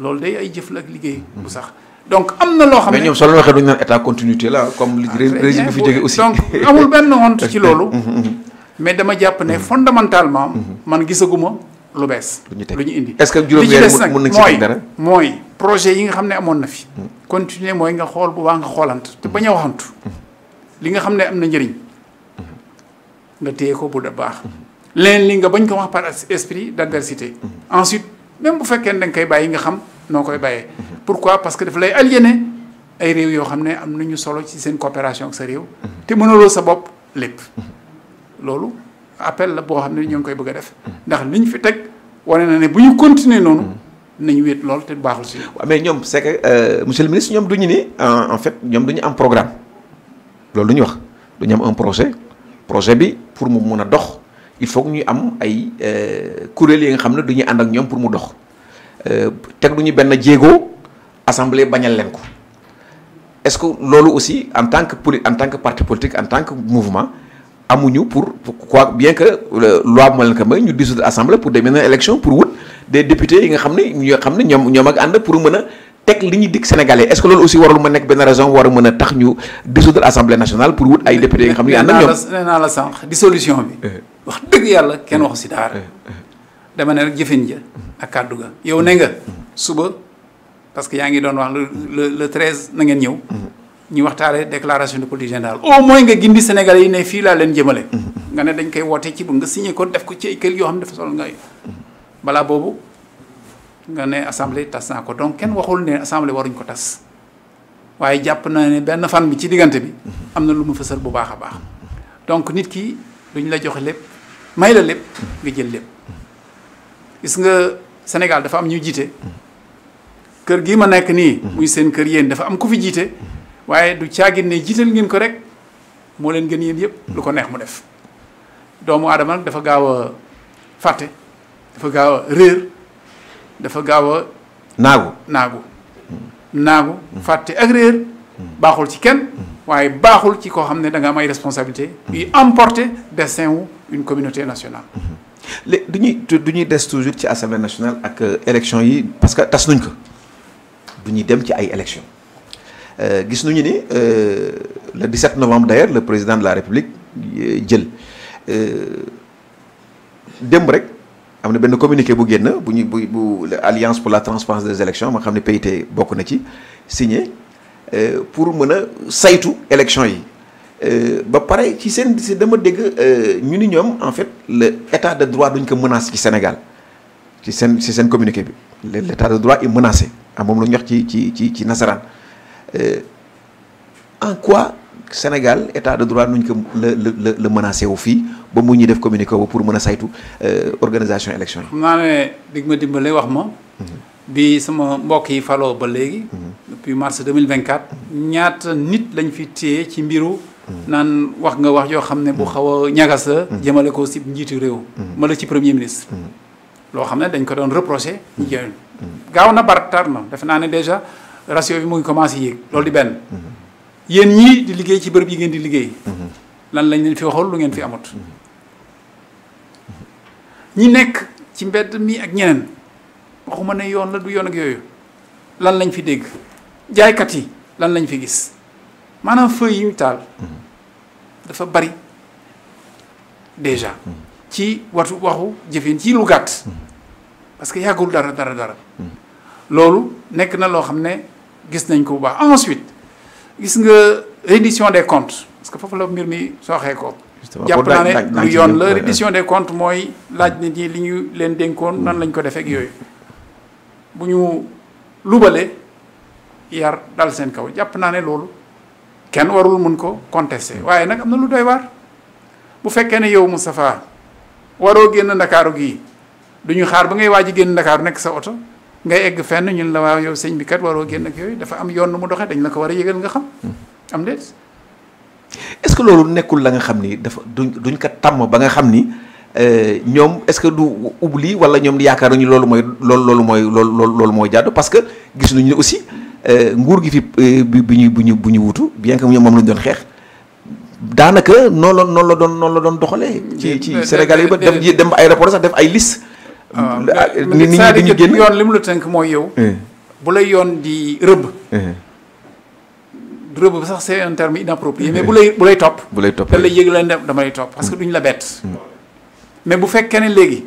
loolu de ay jëf la ak liggéey bu sax. donc am na loo xam ne mais ñoom soo leen waxee duñu naan état la comme li ah, régime bi fi jógee aussi. donc amul benn loolu. <laughs> mais dama jàpp ne fondamentalement mhm. man gisaguma. lu bees. lu ñu indi est-ce que juróom-ñeent mën nañ ci teg dara mooy projet yi nga xam ne amoon na fi. Hmm. continuer mooy nga xool bu baax nga xoolant te bañ a hmm. waxantu. Hmm. li nga xam ne am na njëriñ nga téye ko bu da baax. leen li nga bañ ko wax par esprit d'adversité. ensuite même bu fekkee ne da nga koy bàyyi nga xam noo koy bàyyee. pourquoi parce que daf lay aliéné ay réew yoo xam ne am ñu solo ci seen coopération ak sa réew. te mënaloo sa bopp lépp loolu. appel la boo xam ne ñu ngi koy bëgg a def ndax liñ fi teg wane na ne bu ñu continuer noonu nañ wéet loolu te baaxul si. waaw mais ñoom c'est que euh, monsieur le ministre ñoom du ñu ni en fait ñoom du ñu am loolu du ñu wax du ñu un projet projet bi pour mu mun a dox il faut que am ay euh, kuréel yi nga xam ne du ñuy ànd ak ñoom pour mu dox euh, teg du ñu benn jéego assemblée bañal leen ko est-ce que loolu aussi en tant que poli en tant que politique en tant que mouvement. amuñu pour quoi bien que loi bu ma leen ko may ñu dissoudre assemblée pour dem yeneen élection pour wut des députés yi nga xam ne ñoo xam ne ñoom ñoom ak ànd pour mën a teg li ñuy dig sénégalais est ce que loolu aussi warul ma nekk benn raison war a mën a tax ñu dissoudre assemblée nationale pour wut ay députés yi nga xam ne ñu ànd ak ñoom nee naa la sànq dissolution bi eh, eh. wax dëgg yàlla kenn waxu si daara eh, dama ne rek jëfin ja ak kàddu ga yow ne nga mm-hmm. suba parce que yaa ngi doon wax le le treize na ngeen ñëw mm-hmm. ñu waxtaale déclaration de politique générale au moins nga gindi Sénégalais yi ne fii laa leen jëmale. Mhm. nga ne dañ koy woote ci bu nga signé ko def ko ci ay kër boobu nga ne assemblée tas naa ko donc kenn waxul ne assemblée waruñ ko tas waaye jàpp na ne benn fan bi ci diggante bi mhm. am na lu mu fësal bu baax a baax donc nit ki duñ la joxe lépp may la lépp jël lépp gis nga Sénégal dafa am ñu jiite mhm. kër gi ma nekk nii. muy seen kër yéen dafa am ku fi jiite. waaye du caagin ne jiital ngeen ko rek moo leen gën yéen yëpp lu ko neex mu def doomu aadama nag dafa gaaw a fàtte dafa gaaw réer dafa gaaw a naagu naagu hmm. naagu hmm. fàtte ak réer hmm. baaxul ci kenn waaye baaxul ci koo xam ne da nga am ay responsabilité yuy emporter destin wu une communauté nationale léegi du ñuy du ñuy des toujours ci assemblée nationale ak euh, élection yi parce que tas nañ ko du ñuy dem ci ay élection Euh, gis nañu ni euh, le 17 novembre d'ailleurs le président de la république euh, jël démb rek am na benn communiqué bu génn bu ñu bu bu alliance pour la transparence des élections ma xam ne PIT bokk na ci signé pour mën a saytu élection yi ba pare ci seen si dama dégg ñu ni ñoom en fait le état de droit duñ ko menace ci Sénégal ci seen ci seen communiqué bi l'état de droit est menacé ah moom la ñu wax ci ci ci ci nasaraan Euh, en quoi Sénégal état de droit nuñ ko la la la menacé wu fii ba mu ñuy def communiqué wu pour mën a saytu euh, organisation élection yi. xam naa ne dig ma dimbale wax ma. Mm-hmm. bi sama mbokk yi falo ba léegi. Mm-hmm. depuis mars 2024. Mm-hmm. ñaata nit lañ fi téye ci mbiru. naan wax nga wax yoo xam ne bu xaw a ñagas jëmale ko si njiitu réew. mala ci premier ministre. loo xam ne dañ ko doon reproché. ñu gaaw na bar tar na defe naa ne déjà. ratio bi mu ngi commencé yéeg mm-hmm. loolu di benn mm-hmm. yéen ñii di liggéey ci bërëb yi ngeen di liggéey mm-hmm. lan lañ fi waxoon lu ngeen fi amut ñi nekk ci mbedd mii ak ñeneen waxuma ne yoon la du yoon ak yooyu lan lañ fi dégg jaaykat yi lan lañ fi gis maanaam feuilles yi ñu taal dafa bari déjà ci watu waxu jëfin ci lu gàtt parce que yàggul dara dara dara loolu nekk na loo xam ne gis nañ ko bu baax ensuite gis nga reddition des comptes parce que foofu la mbir mi sooxee ko. jàpp naa ne lu yoon la euh, reddition des comptes mooy laaj hmm. nit ñi li ñu leen dénkoon nan hmm. lañ ko defee ak yooyu bu ñu lubalee yar dal seen kaw jàpp naa ne loolu kenn warul mun ko contester hmm. waaye nag am na lu doy waar bu fekkee ne yow mu Moustapha waroo génn ndakaaru gii duñu xaar ba ngay waaj a génn ndakaaru nekk sa oto. ngay egg fenn ñun la waaw yow sëñ bi kat waroo génn ak yooyu dafa am yoon nu mu doxee dañ la ko war a yëgal nga xam. am déet. est-ce que loolu nekkul la nga xam ni dafa duñ duñ ko tàmm ba nga xam ni euh, ñoom est-ce que du oubli wala ñoom yaakaar nañu loolu mooy loolu loolu mooy loolu loolu mooy jàddu parce que gis nañu ni aussi euh, nguur gi fi euh, bi bi ñu bu ñu bu ñu wutu bien que ñoom moom lañ doon xeex. daanaka noonu la noonu la doon noonu la doon doxalee. ci ci Sénégal yi ba dem dem aéroport sax def ay liste. Euh, nit ñi dañuy génn yoon li mu la tënk mooy yow. Eh. bu lay yoon di rëbb. Eh. rëbb bi sax c'est un terme inapproprié eh. bu lay bu lay topp. bu lay topp da lay yëg leen dama lay topp parce que mm. duñ la bett. Mm. mais bu fekkee ne léegi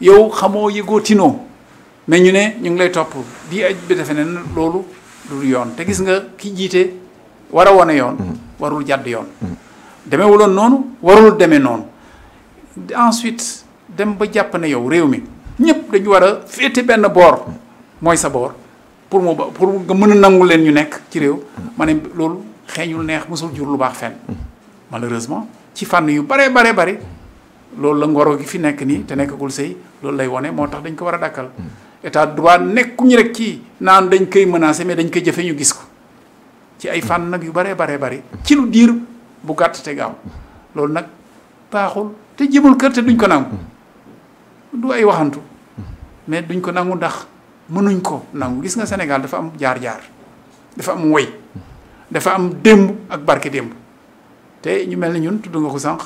yow xamoo yëgoo tinoo mais ñu ne ñu ngi lay topp di ay bi defe ne loolu du yoon te gis mm. nga ki jiite war a wane yoon. warul jàdd yoon. demewuloon noonu warul demee noonu ensuite dem ba jàpp ne yow réew mi. ñëpp dañu war a féete benn boor mooy sa boor pour mu ba pour nga mën a nangu leen ñu nekk ci réew ma ne loolu xeeñul neex mosul jur lu baax fenn malheureusement ci fànn yu bare bare bare loolu la ngoro gi fi nekk nii te nekkagul sëy loolu lay wone moo tax dañ ko war a dàkkal état de droit nekkuñu rek ci naan dañ koy menacer mais dañ koy jëfe ñu gis ko ci ay fànn nag yu bare bare bare ci lu diir bu gàtt te gaaw loolu nag baaxul te jëmul kër te duñ ko du ay waxantu mais duñ ko nangu ndax mënuñ ko nangu gis nga Sénégal dafa am jaar-jaar dafa am woy dafa am démb ak barke démb te ñu mel ni ñun tudd nga ko sànq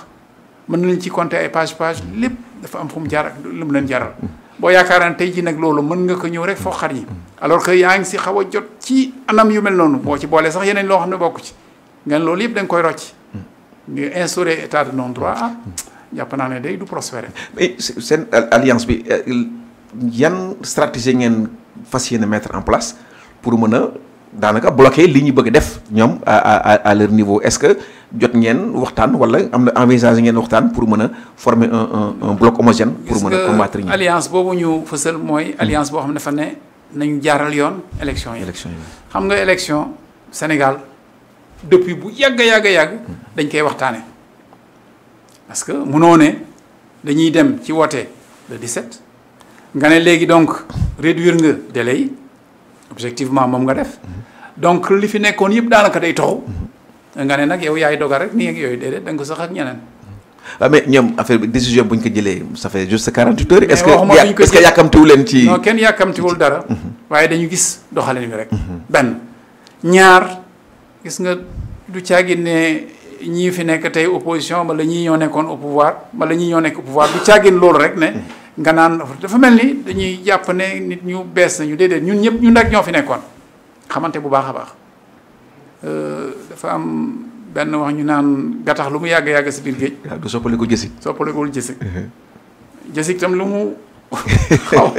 mën nañ ci compter ay page page lépp dafa am fu mu jaar ak lu mu leen jaral boo yaakaaraan tey jii nag loolu mën nga ko ñëw rek foo xar yi alors que yaa ngi si xaw a jot ci anam yu mel noonu boo ci boolee sax yeneen loo xam ne bokk ci ngeen loolu yëpp danga koy rocc nga instauré état de non droit ah jàpp ne day du prospérer. mais seen alliance bi euh, yan stratégie ngeen fas yéene mettre en place pour mën a daanaka bloquer li ñu bëgg def ñoom à à à leur niveau est-ce que jot ngeen waxtaan wala am na envisage ngeen waxtaan pour mën a former un un un bloc homogène. pour mën a combattre ñi alliance boobu ñu fësal mooy. Hmm. alliance boo xam ne dafa ne nañu jaaral yoon. élection yi élection yi xam nga élection Sénégal depuis bu yàgg yàgg yàgg hmm. dañ koy waxtaanee. parce que munoo ne dañuy dem ci wote di set nga ne léegi donc réduire nga délai yi objectivement moom nga def donc li fi nekkoon yëpp daanaka day toxu nga ne nag yow yaay dogal rek nii yooyu déedéet da nga ko sax ak ñeneen. waaw ah, mais ñoom affaire bi décision bu ñu ko jëlee ça fait juste 48 heures. est-ce que est-ce que yàkkamtiwu leen ci. non kenn yàkkamtiwul dara. Mhm. waaye dañu gis doxalin wi rek. Mhm. benn ñaar gis nga du caagi ñii fi nekk tey opposition bala ñii ñoo nekkoon au pouvoir bala ñii ñoo nekk au pouvoir du càggin loolu rek ne nga naan dafa mel ni dañuy jàpp ne nit ñu bees na nañu déedéet ñun ñëpp ñun rek ñoo fi nekkoon xamante bu baax a baax euh, dafa am benn wax ñu naan gattax lu mu yàgg yàgg si biir géej. waaw du soppalekul jësig. soppalekul jësig jësig tam lu mu. waaw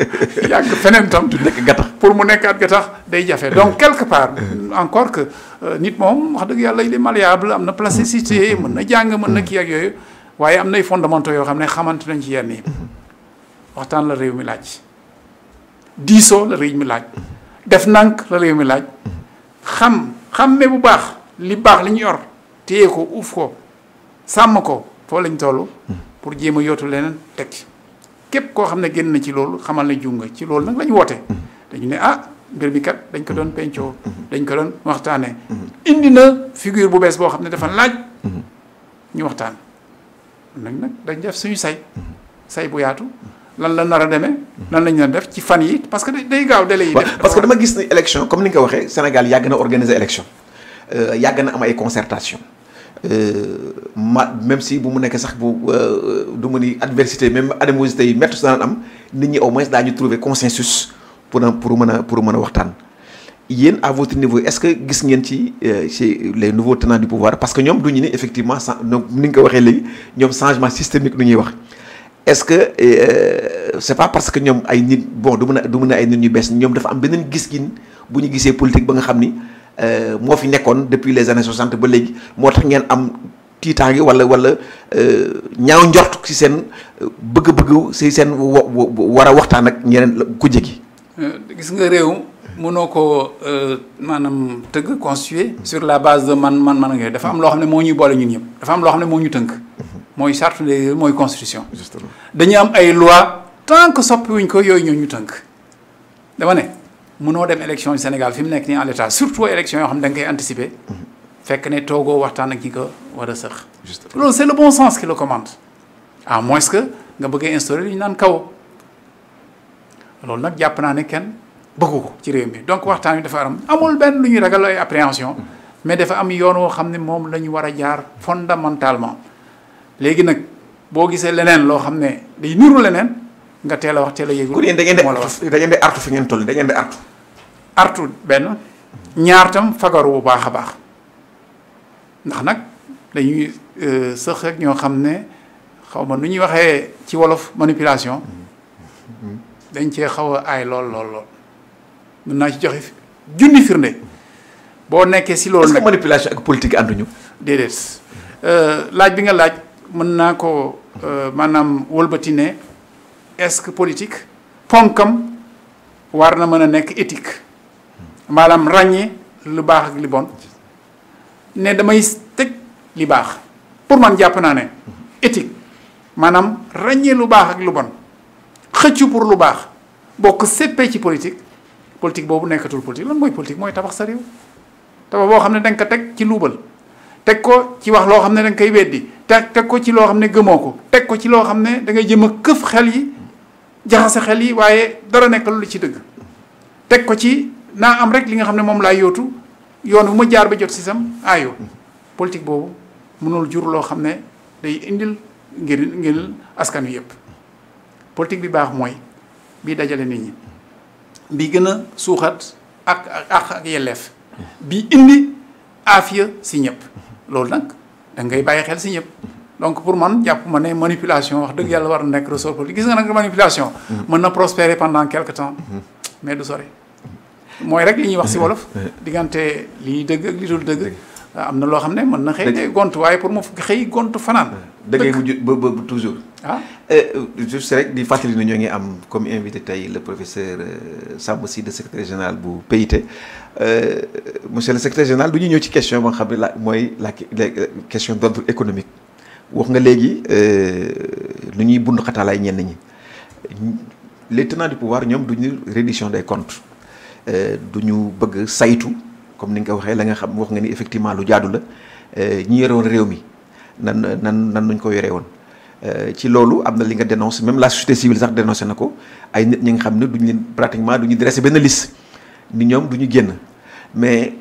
yàgg feneen tam. du nekk gattax pour mu nekkaat gattax day jafe mm-hmm. donc quelque part. encore que euh, nit moom wax dëgg yàlla il est malléable am na plasticité mm-hmm. mën na jàng mën na mm-hmm. kii ak yooyu waaye am nay fondamentaux yoo xam ne xamante nañ ci yenn yi waxtaan la réew mi laaj diisoo la réew mi laaj def nank la réew mi laaj xam xàmme bu baax li baax li ñu yor téye ko uuf ko sàmm ko foo lañ toll pour jéem a yootu leneen teg képp koo xam ne génn na ci loolu xamal na junga ci loolu nag la ñu woote mm-hmm. dañu ne ah mbir mi kat dañ ko doon mm-hmm. pencoo mm-hmm. dañ ko doon waxtaanee indi na figure bu bees boo xam ne dafa laaj ñu waxtaan nag nag dañ def suñu say say bu yaatu lan la nar a demee nan lañ nar def ci fan yi parce que day gaaw délai yi parce que dama gis ni élection comme ni nga ko waxee Sénégal yàgg na organiser élection euh, yàgg na am ay concertation Euh, ma même si bu mu nekk sax bu euh, du mu ni adversité même animosité yi métti su daan am nit ñi au moins ñu trouver consensus pour pour mën a pour mën a waxtaan. yéen à votre niveau est-ce que gis ngeen ci euh, ci les nouveaux tenants du pouvoir parce que ñoom du ñu ni effectivement sa ni nga ko waxee léegi ñoom changement systémique du ñuy wax. est-ce que c'est pas parce que ñoom ay nit bon du mën a du mun a ay nit ñu bees ñoom dafa am beneen gis-gin bu ñu gisee politique ba nga xam ni. Euh, moo fi nekkoon depuis les années 60 ba léegi moo tax ngeen am tiitaange wala wala euh, ñaaw njort ci seen euh, bëgg-bëgg ci seen war a waxtaan ak ñeneen ku jegi gis nga réew mënoo ko maanaam tëgg constitué sur la base de man man man nga dafa am loo xam ne moo ñuy boole ñun ñëpp dafa am loo xam ne moo ñu tënk mooy charte des mooy constitution dañu am ay loi tant que soppi wuñ ko yooyu ñoo ñu tënk dama munoo dem élection yu Sénégal fi mu nekk nii en l'état surtout élection yoo xam ne da anticiper. fekk ne toogoo waxtaan ak ñi ko war a sax. loolu c'est le bon sens qui le commande à moins que nga bëggee instaurer li ñu naan kaw loolu nag jàpp naa ne kenn bëggu ko ci réew mi donc waxtaan wi dafa am amul benn lu ñuy ragal ay appréhension mais dafa am yoon woo xam ne moom la ñu war a jaar fondamentalement léegi nag boo gisee leneen loo xam ne day niru leneen. nga teel a wax teel a yëgul. ku ne da ngeen di artu da ngeen di artu fi ngeen toll da ngeen artu. artu benn ñaar tam fagaru bu baax a baax ndax nag dañuy euh, sëx rek ñoo xam ne xaw ma nu ñuy waxee ci wolof manipulation dañ cee xaw a aay lool lool lool mën naa ci joxe junni firnde boo nekkee si loolu. nag manipulation ak politique ànduñu. déedéet euh, laaj bi nga laaj mën naa ko euh, maanaam wëlbati ne. est-ce que politique ponkam war na mën a nekk éthique maanaam ràññee lu baax ak li bon ne damay teg li baax pour man jàpp naa ne éthique maanaam ràññee lu baax ak lu bon xëccu pour lu baax bokk séppee ci politique politique boobu nekkatul politique lan mooy politique mooy tabax sa réew tabax boo xam ne da ko teg ci luubal teg ko ci wax loo xam ne da nga koy weddi teg teg ko ci loo xam ne gëmoo ko teg ko ci loo xam ne da ngay jëm a këf xel yi jaxase xel yi waaye dara nekkal lu ci dëgg teg ko ci naa am rek li nga xam ne moom laay yootu yoon bu ma jaar ba jot si sam aayoo politique boobu mënul jur loo xam ne day indil ngir ngir askan wi yëpp politique bi baax mooy bii dajale nit ñi bi gën a suuxat ak ak ak yelleef bi indi aafiya si ñëpp loolu nag da ngay bàyyi xel si ñëpp donc pour man jàpp ma ne manipulation wax dëgg yàlla war na nekk ressort li gis nga nag manipulation. Mm-hmm. mën na prospérer pendant quelque temps. Mm-hmm. mais du sori. mooy rek li ñuy wax si wolof. <laughs> diggante li ñuy dëgg ak li dul dëgg. am na loo xam ne mën na xëy de waaye pour mu xëy gont fanaan. dëgg mujj ba ba toujours. ah euh, euh, juste rek di fàttali na ñoo ngi am comme invité tey le professeur euh, Samba Sy de secrétaire général bu PIT. monsieur le secrétaire général du ñu ñëw ci question boo xam ne la mooy la question d'ordre économique. wax nga léegi euh, lu ñuy bund ay ñenn ñi les tenants du pouvoir ñoom du ñu reddition des comptes euh, du ñu bëgg saytu comme ni nga ko waxee la nga xam wax nga ni effectivement lu jaadu la euh, ñi yore woon réew mi nan nan nan nuñ ko yoree woon. ci loolu am na li nga dénoncé même la société civile sax dénoncé na ko ay nit ñi nga xam ne duñ leen pratiquement duñu dressé benn liste ni ñoom du ñu génn mais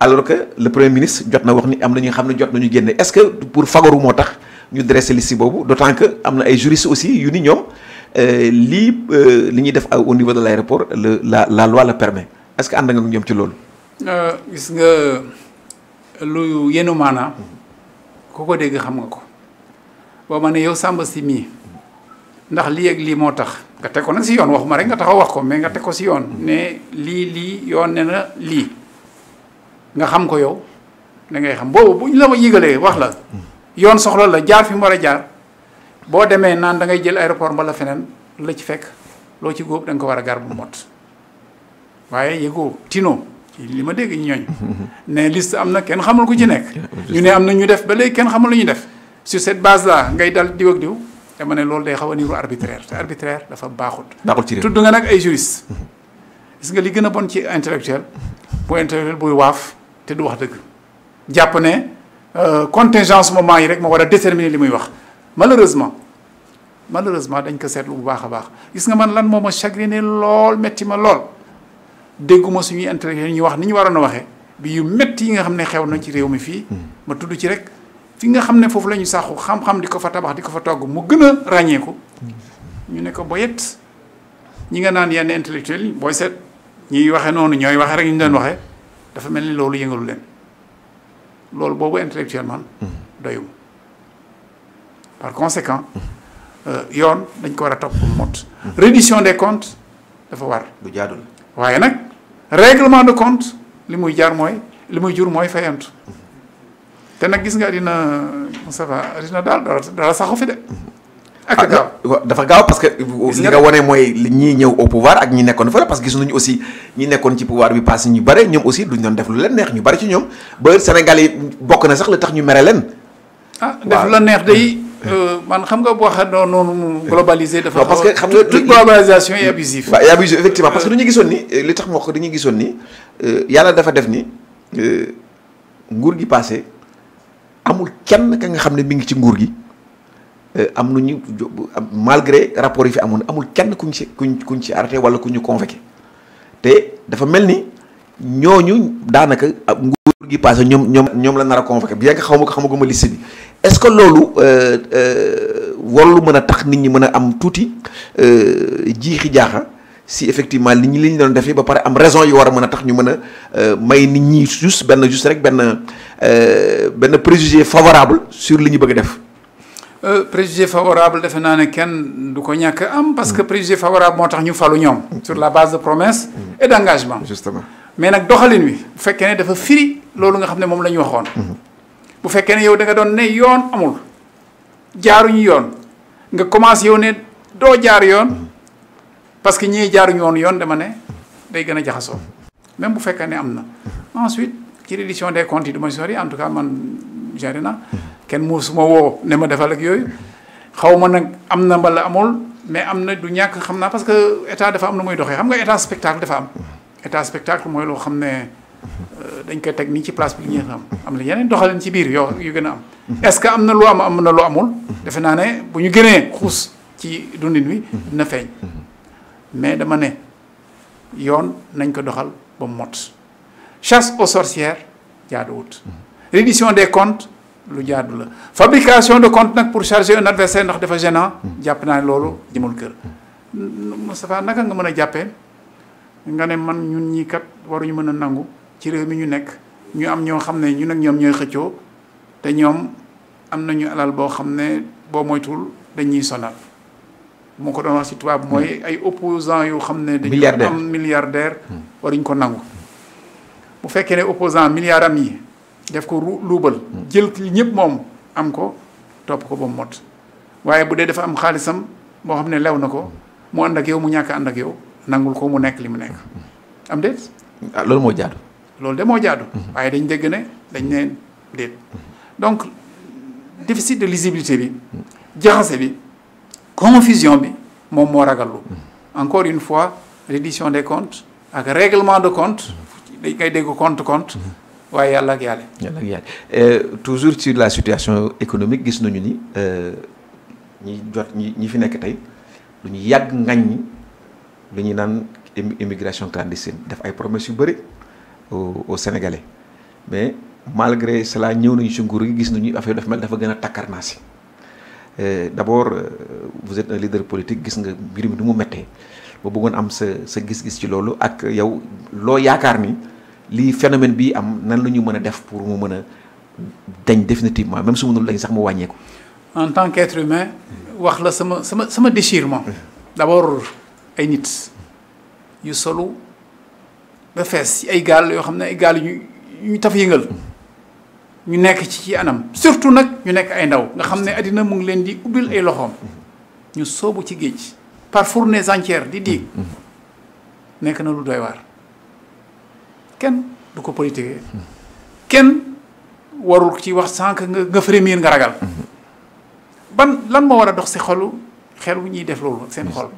alors que le premier ministre jot na wax ni am na ñi xam ne jot nañu génn est-ce que pour fagaru moo tax. ñu dressé liste boobu d' autant que am na ay juristes aussi yu ni ñoom euh, lii euh, li ñuy def au niveau de l' aéroport le la la loi le permet est que ànd nga ak ñoom ci loolu. Euh, gis nga lu yenu maanaa ku ko dégg xam nga ko boo ma ne yow Samba si mii ndax lii ak lii moo tax nga teg ko si yoon waxuma rek nga taxaw wax ko mais nga teg ko si yoon ne lii lii yoon ne na lii nga xam ko yow da ngay xam boobu buñ la ma yëgalee wax la. yoon soxla la jaar fi mu war a jaar boo demee naan da ngay jël aéroport bala feneen la ci fekk loo ci góob da ko war a gar bu mott waaye yëgoo tino ci li ma dégg ñu ñooñ ne liste am na kenn xamul ko ci nekk ñu ne am na ñu def ba léegi kenn xamul lu ñu def sur cette base là ngay dal diw ak diw dama ne loolu day xaw a niiru arbitraire te arbitraire dafa baaxut tudd nga nag ay juriste gis nga li gën a bon ci intellectuel bu intellectuel buy waaf te du wax dëgg jàpp ne Euh, contingence moment yi rek ma war a déterminer li muy wax malheureusement malheureusement dañ ko seetlu bu baax a baax gis nga man lan moo ma chagriné lool métti ma lool dégguma suñuy intellectuels ñu wax ni ñu waroon a waxee bi métti yi nga xam ne xew na ci réew mi fii hmm. ma tudd ci rek fi nga xam ne foofu la ñu sàqu xam di ko fa tabax di ko fa togg mu gën ràññeeku ñu ne ko boyet ñi nga naan yenn intellectuels booy seet ñuy waxee noonu ñooy waxee rek ñu doon waxee dafa mel ni loolu yëngalu leen loolu boobu intellectuellement doyum par conséquent euh, yoon dañ ko war a topp mot reddition des comptes dafa war bu jaadul waaye nag réglement de compte li muy jaar mooy li muy jur mooy fayantu te nag gis nga dina Moustapha dina daal dara dara saxu fi de ak ah, gaaw dafa gaaw parce que. li nga wone mooy li ñiy ñëw au pouvoir ak ñi nekkoon fële parce que gis nañu aussi ñi nekkoon ci pouvoir bi passé ñu bare ñoom aussi duñ doon def lu leen neex ñu bare ci ñoom ba bokk na sax la tax ñu mere leen. ah def lu neex day. Euh, man xam nga boo xam ne noonu globalisé. dafa parce que xam nga toute globalisation est abusive. waaw est abusive effectivement parce que euh. du gisoon ni euh, li tax moo ko dañuy gisoon ni yàlla dafa def ni nguur gi passé amul kenn ka nga xam ne mi ngi ci nguur gi. Euh, am nu ñu malgré rapport yi fi amoon amul kenn ku kuñ ci kuñ kuñ ci arrêté wala ku ñu convoqué te dafa mel ni ñooñu daanaka nguur gi passé ñoom ñoom ñoom la nar a convoqué bi que xaw ma ko xamaguma liste bi est-ce que loolu euh, euh, warlu mën a tax nit ñi mën a am tuuti jiixi jaaxa si effectivement li ñu li ñu doon defee ba pare am raison yi war a mën a tax ñu mën a may nit ñi juste benn juste rek benn benn préjugé favorable sur li ñu bëgg a def Euh, préjugé favorable defe naa ne kenn du ko ñàkk am. parce que mm. préjugé favorable moo tax ñu falu ñoom. sur la base de promesses. Mm. et d' engagement. justement mais nag doxalin wi. bu fekkee ne dafa firi loolu nga xam ne moom la ñu waxoon. Mm-hmm. bu fekkee ne yow da doon ne yoon amul jaaruñu yoon nga commencé yow ne doo jaar yoon mm-hmm. parce que ñii jaaruñu woon yoon dama ne mm-hmm. day gën a jaxasoo. même bu fekkee ne am na ensuite ci reddition des comptes yi du ma sori en tout cas man géré na kenn mu suma woo ne ma defal ak yooyu xaw ma nag am na mbala amul mais am na du ñàkk xam naa parce que état dafa am na muy doxee xam nga état spectacle dafa am état spectacle mooy loo xam ne euh, dañ koy teg nii ci place bi ñu xam am na yeneen doxalin ci biir yoo yu gën a am est-ce que am na lu am am na lu amul defe naa ne bu ñu gënee xuus ci dundin wi dina feeñ mais dama ne yoon nañ ko doxal ba mot chasse aux sorcières jaaduwut reddition des comptes lu jaadu la fabrication de compte nag pour charger un adversaire ndax dafa gênant jàpp naa loolu jëmul kër Moustapha naka nga mën a jàppee nga ne man ñun ñii kat waruñu mën a nangu ci réew mi ñu nekk ñu am ñoo xam ne ñun ak ñoom ñooy xëccoo te ñoom am nañu alal boo xam ne boo moytuwul dañuy sonal moo ko doon wax ci tubaab mooy hmm. ay opposants yoo xam ne dañu am milliardaire hmm. waruñ ko nangu bu fekkee ne opposant milliard am yi def ko luubal jël li ñëpp moom am ko topp ko ba mu mot waaye bu dee dafa am xaalisam boo xam ne lew na ko mu ànd ak yow mu ñàkk ànd ak yow nangul ko mu nekk li mu nekk am déet ah, loolu moo jaadu loolu de moo jaadu mhm. waaye dañ dégg ne dañ ne déet donc déficit de lisibilité bi mhm. jaxase bi confusion bi moom moo ragallu mhm. encore une fois reddition des comptes ak réglement de compte dañ koy dégg compte compte waaye yàlla ak yàlla. yàlla ak yàlla euh, toujours sur la situation économique gis nañu ni euh, ñi jot ñi ñi fi nekk tey lu ñu yàgg ngañ ñi lu ñuy naan immigration clandestine def ay promesses yu bëri au au Sénégalais mais malgré cela ñëw nañu ci nguur gi gis nañu affaire dafa mel dafa gën a takkarnaasi euh, d' abord vous êtes un leader politique gis nga mbir mi du mu méttee ba bëggoon am sa sa gis-gis ci loolu ak yow loo yaakaar ni. lii phénomène bii am nan la ñu mën a def pour mu mën a dañ définitivement même su mënul dañ sax mu wàññeeku. en tant qu'être humain wax la sama sama sama déchirement. d'abord ay nit yu solu ba fees ay gaal yoo xam ne ay gaal yu ñu taf yëngal. ñu nekk ci ci anam surtout nag ñu nekk ay ndaw nga xam ne àddina mu ngi leen di ubbil ay loxoom ñu soobu ci géej par fournées entières di diig mm-hmm. nekk na lu doy waar kenn du ko politique kenn warul ci wax sànq nga nga frémir nga ragal ban lan moo war a dox si xolu xel wu ñuy def loolu seen xol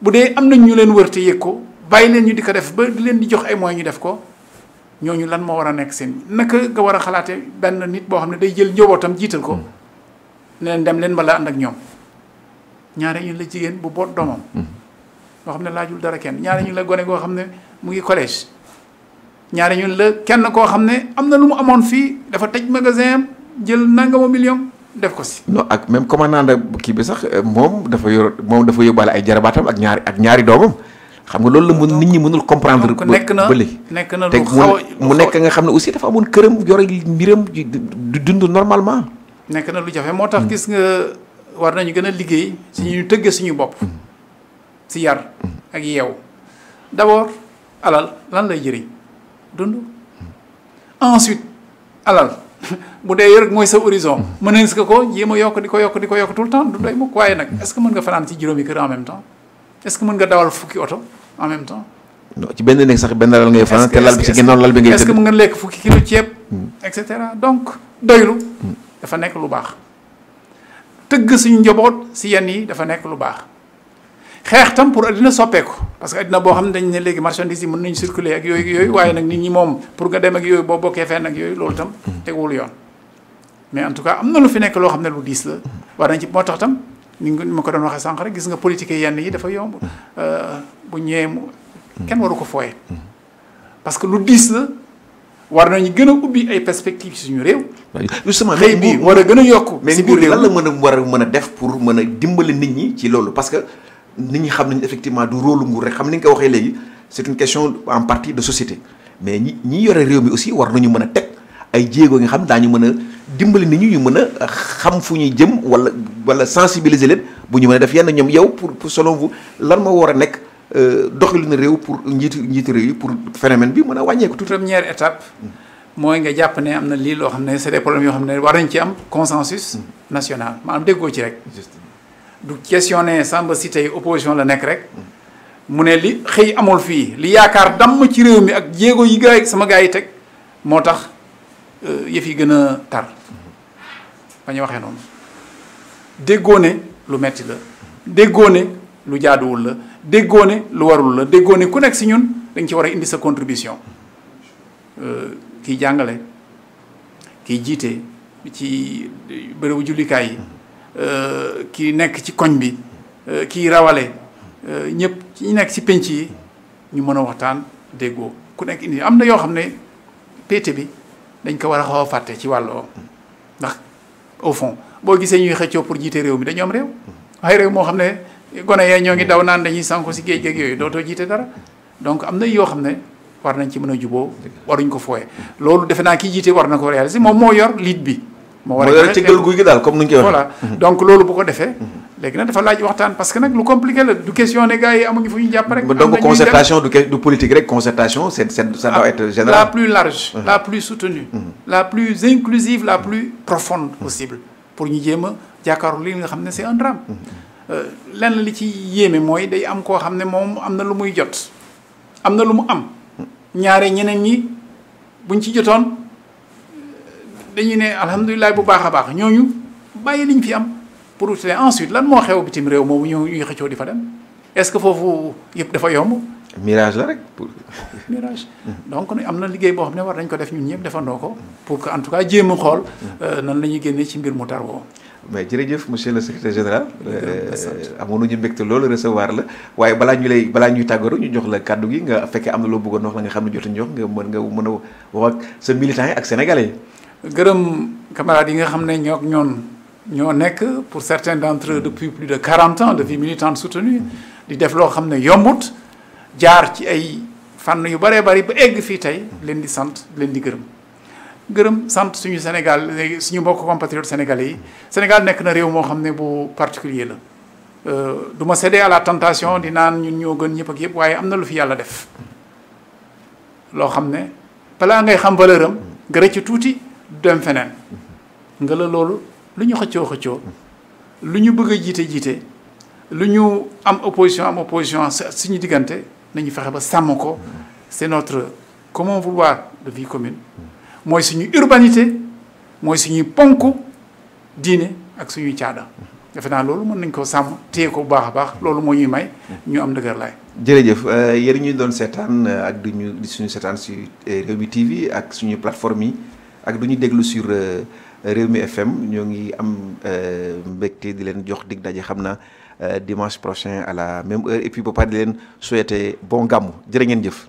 bu dee am nañ ñu leen wër te yëg ko bàyyi leen ñu di ko def ba di leen di jox ay moyens ñu def ko ñooñu lan moo war a nekk seen naka nga war a xalaatee benn nit boo xam ne day jël njobootam jiital ko ne leen dem leen bala ànd ak ñoom ñaare ñu la jigéen bu boot doomam. Mm-hmm. boo xam ne laajul dara kenn ñaare ñu la gone goo xam ne mu ñaari ñun la kenn koo xam ne am na lu mu amoon fii dafa tëj magasin am jël nangama million def ko si. non ak même commandant kii bi sax moom dafa yor moom dafa yóbbaale ay jarabaatam ak ñaari ak ñaari doomam xam nga loolu la mun nit ñi mënul comprendre. ba nekk na nekk na lu xaw mu nekk nga xam ne aussi dafa amoon këram yore mbiram du dund normalement. nekk na lu jafe moo tax mm. gis nga war nañu gën a liggéey. si mm. ñu tëggee suñu bopp. Mm. si yar ak yeew d'abord alal lan lay jëriñ. dund ensuite alal <laughs> bu dee rek mooy sa horizon hmm. mën nañu ko ko jéem a yokk di ko yokk di ko yokk tout le temps du doy mukk waaye nag est-ce que mën nga fanaan ci juróomi kër en même temps est-ce que mën nga dawal fukki oto en même temps ci benn néeg sax benn lal ngay fanaan te lal bi ci ginnaaw lal bi ngay est-ce nga lekk fukki kilo ceeb hmm. et cetera donc doylu hmm. dafa nekk lu baax tëgg suñu njoboot si yenn yi dafa nekk lu baax xeex tam pour addina soppeeku parce que addina boo xam ne dañ ne léegi marchandise yi mën nañu circuler ak yooyu yooyu waaye nag nit ñi moom pour nga dem ak yooyu boo bokkee fenn ak yooyu loolu tam teguwul yoon mais en tout cas am na lu fi nekk loo xam ne lu diis la war nañ ci moo tax tam ni ma ko doon waxee sànq rek gis nga politique yenn yi dafa yomb euh, bu ñëwee kenn waru ko fooye parce que lu diis la war nañu gën a ubbi ay perspectives suñu réew. justement xëy bi war a gën a yokk. si biir réew mais lan la mën a war a mën a def pour mën a dimbali nit ñi ci loolu parce que. nit ñi xam nañ effectivement du rôle nguur rek xam ni nga ko waxee léegi c'est une question en partie de société mais ñi ñi yore réew mi aussi war nañu mën a teg ay jéego nga xam daañu mën a dimbali nit ñi ñu mën a xam fu ñuy jëm wala wala sensibiliser leen bu ñu mën a def yenn ñoom yow pour pour selon vous lan moo war a nekk euh, na réew pour njiitu njiitu réew yi pour phénomène bi mën a wàññeeku. tout première étape. mooy nga jàpp ne am na lii loo xam ne c'est des problèmes yoo xam ne war nañ ci am consensus mm. national maanaam déggoo ci rek. du questionner Samba si tey opposition la nekk rek mu ne li xëy amul fii li yaakaar damm ci réew mi ak jéego yi gaay sama gaa yi teg moo tax euh, yëf yi gën a tar ba waxee noonu déggoone lu metti la déggoone lu jaaduwul la déggoone lu warul la déggoo ku nekk si ñun dañ ci war a indi sa contribution euh, kiy jàngale kiy jiite ci bërëbu jullikaay yi Euh, kii nekk ci koñ bi euh, kii rawale euh, ñëpp ci ñu nekk ci penc yi ñu mën a waxtaan déggoo ku nekk indi am na yoo xam ne pété bi dañ ko war a xaw a fàtte ci wàll ndax au fond boo gisee ñuy xëccoo pour jiite réew mi dañu am réew waaye réew moo xam ne gone yee ñoo ngi daw naan dañuy sànko si géej géej yooyu dootoo jiite dara donc am na yoo xam ne war nañ ci mën a juboo waruñ ko fooye loolu defe naa kii jiite war na ko réaliser moom moo yor liit bi moo war a cëggal guy gi daal comme ni ñu koy waxee mhm. donc loolu bu ko defee mhm. léegi nag dafa laaj waxtaan parce que nag lu compliqué la du question ne gars yi amuñu fu ñu jàpp rek donc concertation du ah, la plus large mhm. la plus soutenue la plus inclusive la plus profonde possible pour ñu jéem a jàkkaarloo li nga xam ne c'est un euh, lenn li ci yéeme mooy day am koo xam ne moom am na lu muy jot am na lu mu am ñaare ñeneen ñi buñ ci jotoon dañu ne alhamdulilah bu baax a baax ñooñu bàyyi liñ fi am pour utile ensuite lan moo xew bitim réew moomu ñu ñuy xëccoo di fa dem est-ce que foofu yëpp dafa yomb. mirage la rek pour. <laughs> mirage donc am na liggéey boo xam ne war nañ ko def ñu ñëpp defandoo ko pour que en tout cas jéem xool euh, nan la ñuy génnee ci mbir mu tar woo. mais jërëjëf monsieur le secrétaire général. Euh, amoon nañu mbégte loolu recevoir la waaye balaa ñu lay balaa ñuy tàggatoo ñu jox la kàddu gi nga fekkee am na loo bëggoon wax xam ne jotuñu wax nga a wax ak sa militant ak sénégalais gërëm camarades yi nga xam ne ñoo ñoon ñoo nekk pour certains d'entre eux depuis plus de quarante ans de vie militante soutenue di def loo xam ne yombut jaar ci ay fànn yu bëree bari ba egg fii tey leen di sant leen di gërëm gërëm sant suñu Sénégal suñu mbokk compatriotes sénégalais yi Sénégal nekk na réew moo xam ne bu particulier la euh, du ma céder à la tentation di naan ñun ñoo gën ñëpp ak yëpp waaye am na lu fi yàlla def loo xam ne balaa ngay xam valeur am gërë ci dem feneen nga loolu lu ñu xëccoo xëccoo lu ñu bëgg a jiite jiite lu ñu am opposition am opposition suñu diggante nañu fexe ba sàmm ko c'est notre commun vouloir de vie commune mooy suñu urbanité mooy suñuy ponk diine ak suñuy caada defe naa loolu mën nañ koo sàmm téye ko bu baax a baax loolu moo ñuy may ñu am dëgër laay jërëjëf euh, yéen ñu doon seetaan ak duñu di suñu seetaan si bi euh, TV ak suñu plateforme yi ak du ñu déglu sur euh, Rewmi FM ñoo ngi am euh, mbégte di leen jox dig daje xam na euh, dimanche prochain à la même heure et puis ba di leen souhaiter bon gàmmu jërë jëf.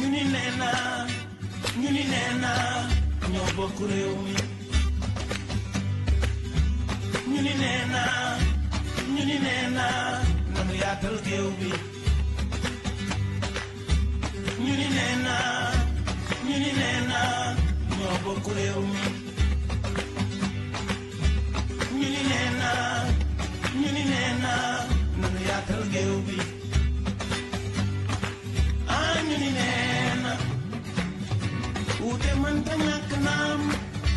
ñu ni nee ñoo bokk réew mi ñu ni nee ñu ni nee naa nanu yaatal géew bi ñu ni nee ñu ni nee naa ñoo ñu ni nee ñu ni nee naa nanu yaatal géew ñu ni nee na wuute mënta ñàkk